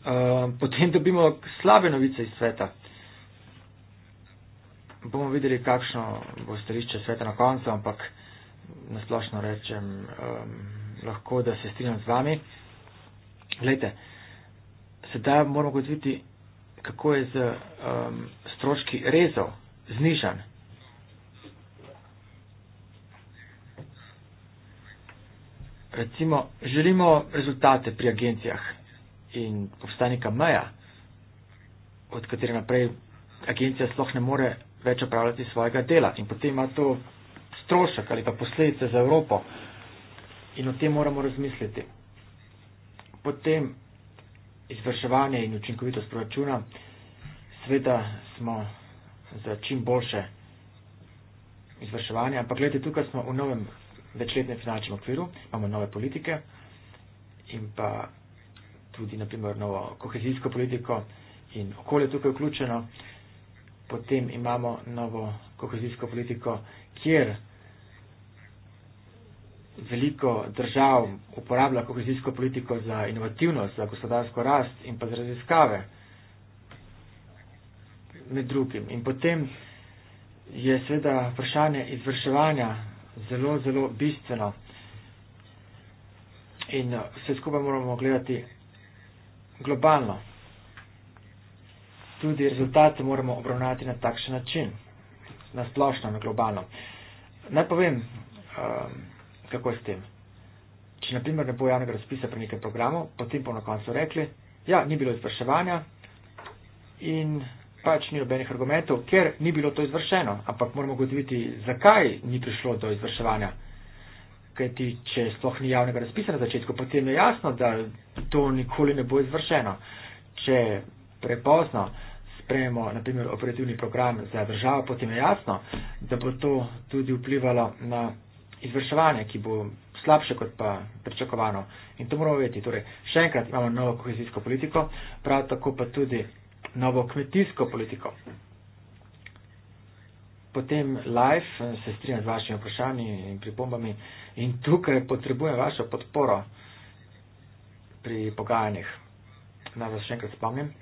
uh, potem dobimo slabe novice iz sveta. Bomo videli, kakšno bo stališče sveta na koncu, ampak nasplošno rečem, um, lahko da se strinjam z vami. Glejte, sedaj moramo gotoviti, kako je z um, stroški rezov znižan. Recimo, želimo rezultate pri agencijah in obstaja neka meja, od katere naprej agencija sploh ne more več opravljati svojega dela in potem ima to strošek ali pa posledice za Evropo in o tem moramo razmisliti potem izvrševanje in učinkovitost proračuna. Sveda smo za čim boljše izvrševanje, ampak gledajte, tukaj smo v novem večletnem finančnem okviru, imamo nove politike in pa tudi, naprimer, novo kohezijsko politiko in okolje tukaj vključeno. Potem imamo novo kohezijsko politiko, kjer veliko držav uporablja kohezijsko politiko za inovativnost, za gospodarsko rast in pa za raziskave med drugim. In potem je seveda vprašanje izvrševanja zelo, zelo bistveno. In uh, vse skupaj moramo gledati globalno. Tudi rezultate moramo obravnati na takšen način, na splošno, na globalno. Naj povem, um, kako je s tem. Če na primer ne bo javnega razpisa pri nekem programu, potem bo na koncu rekli, ja, ni bilo izvrševanja in pač ni nobenih argumentov, ker ni bilo to izvršeno, ampak moramo gotoviti, zakaj ni prišlo do izvrševanja. Kajti, če sploh ni javnega razpisa na začetku, potem je jasno, da to nikoli ne bo izvršeno. Če prepozno sprejemo, na primer, operativni program za državo, potem je jasno, da bo to tudi vplivalo na izvrševanje, ki bo slabše kot pa pričakovano. In to moramo vedeti. Torej, še enkrat imamo novo kohezijsko politiko, prav tako pa tudi novo kmetijsko politiko. Potem live se strinjam z vašimi vprašanji in pripombami in tukaj potrebujem vašo podporo pri pogajanjih. Naj vas še enkrat spomnim,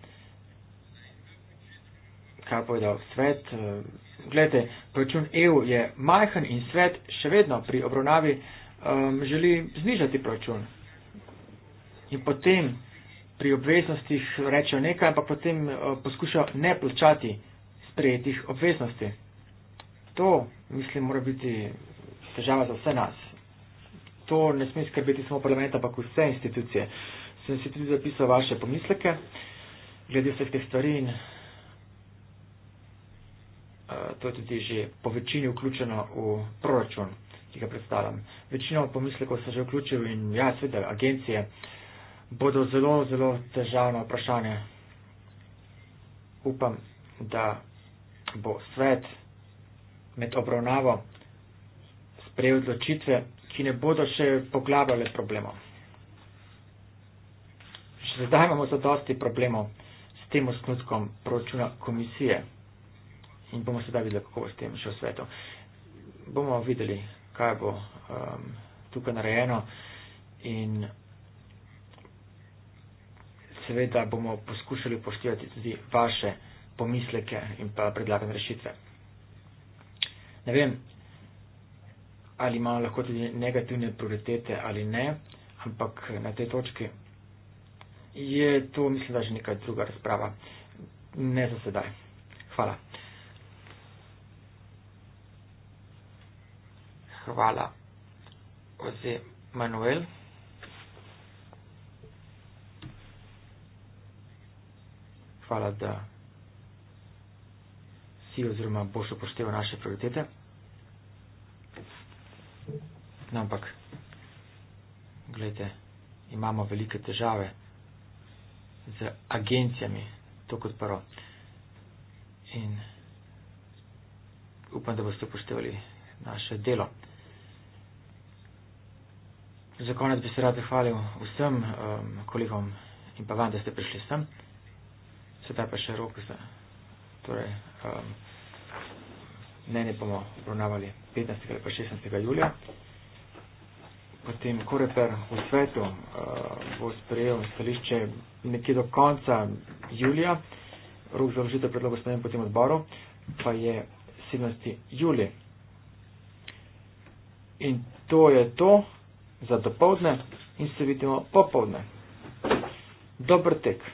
kaj je povedal svet. Glede, proračun EU je majhen in svet še vedno pri obravnavi um, želi znižati proračun. In potem pri obveznostih rečejo nekaj, ampak potem uh, poskušajo ne plačati sprejetih obveznosti. To, mislim, mora biti težava za vse nas. To ne sme skrbeti samo parlament, ampak vse institucije. Sem si tudi zapisal vaše pomisleke glede vseh teh stvari in. Eh, to je tudi že po večini vključeno v proračun, ki ga predstavljam. Večino pomislekov se že vključil in ja, seveda, agencije bodo zelo, zelo težavno vprašanje. Upam, da bo svet med obravnavo sprejel odločitve, ki ne bodo še poglabljale problemov. Še zdaj imamo zadosti problemov s tem osnutkom proračuna komisije in bomo sedaj videli, kako bo s tem šel svetu. Bomo videli, kaj bo um, tukaj narejeno in seveda bomo poskušali poštivati tudi vaše pomisleke in pa predlagane rešitve. Ne vem, ali imamo lahko tudi negativne prioritete ali ne, ampak na tej točki je to, mislim, da že nekaj druga razprava. Ne za sedaj. Hvala. hvala. Oze Manuel. Hvala, da si oziroma boš upošteval naše prioritete. No, ampak, gledajte, imamo velike težave z agencijami, to kot prvo. In upam, da boste upoštevali naše delo. Za konec bi se rad zahvalil vsem um, kolegom in pa vam, da ste prišli sem. Sedaj pa še rok za. Torej, um, mnenje bomo obravnavali 15. ali pa 16. julija. Potem Koreper v svetu uh, bo sprejel stališče nekje do konca julija. Rok za vložitev predloga spremem potem odboru pa je 17. julija. In to je to za dopovdne in se vidimo popovdne. Dobar tek.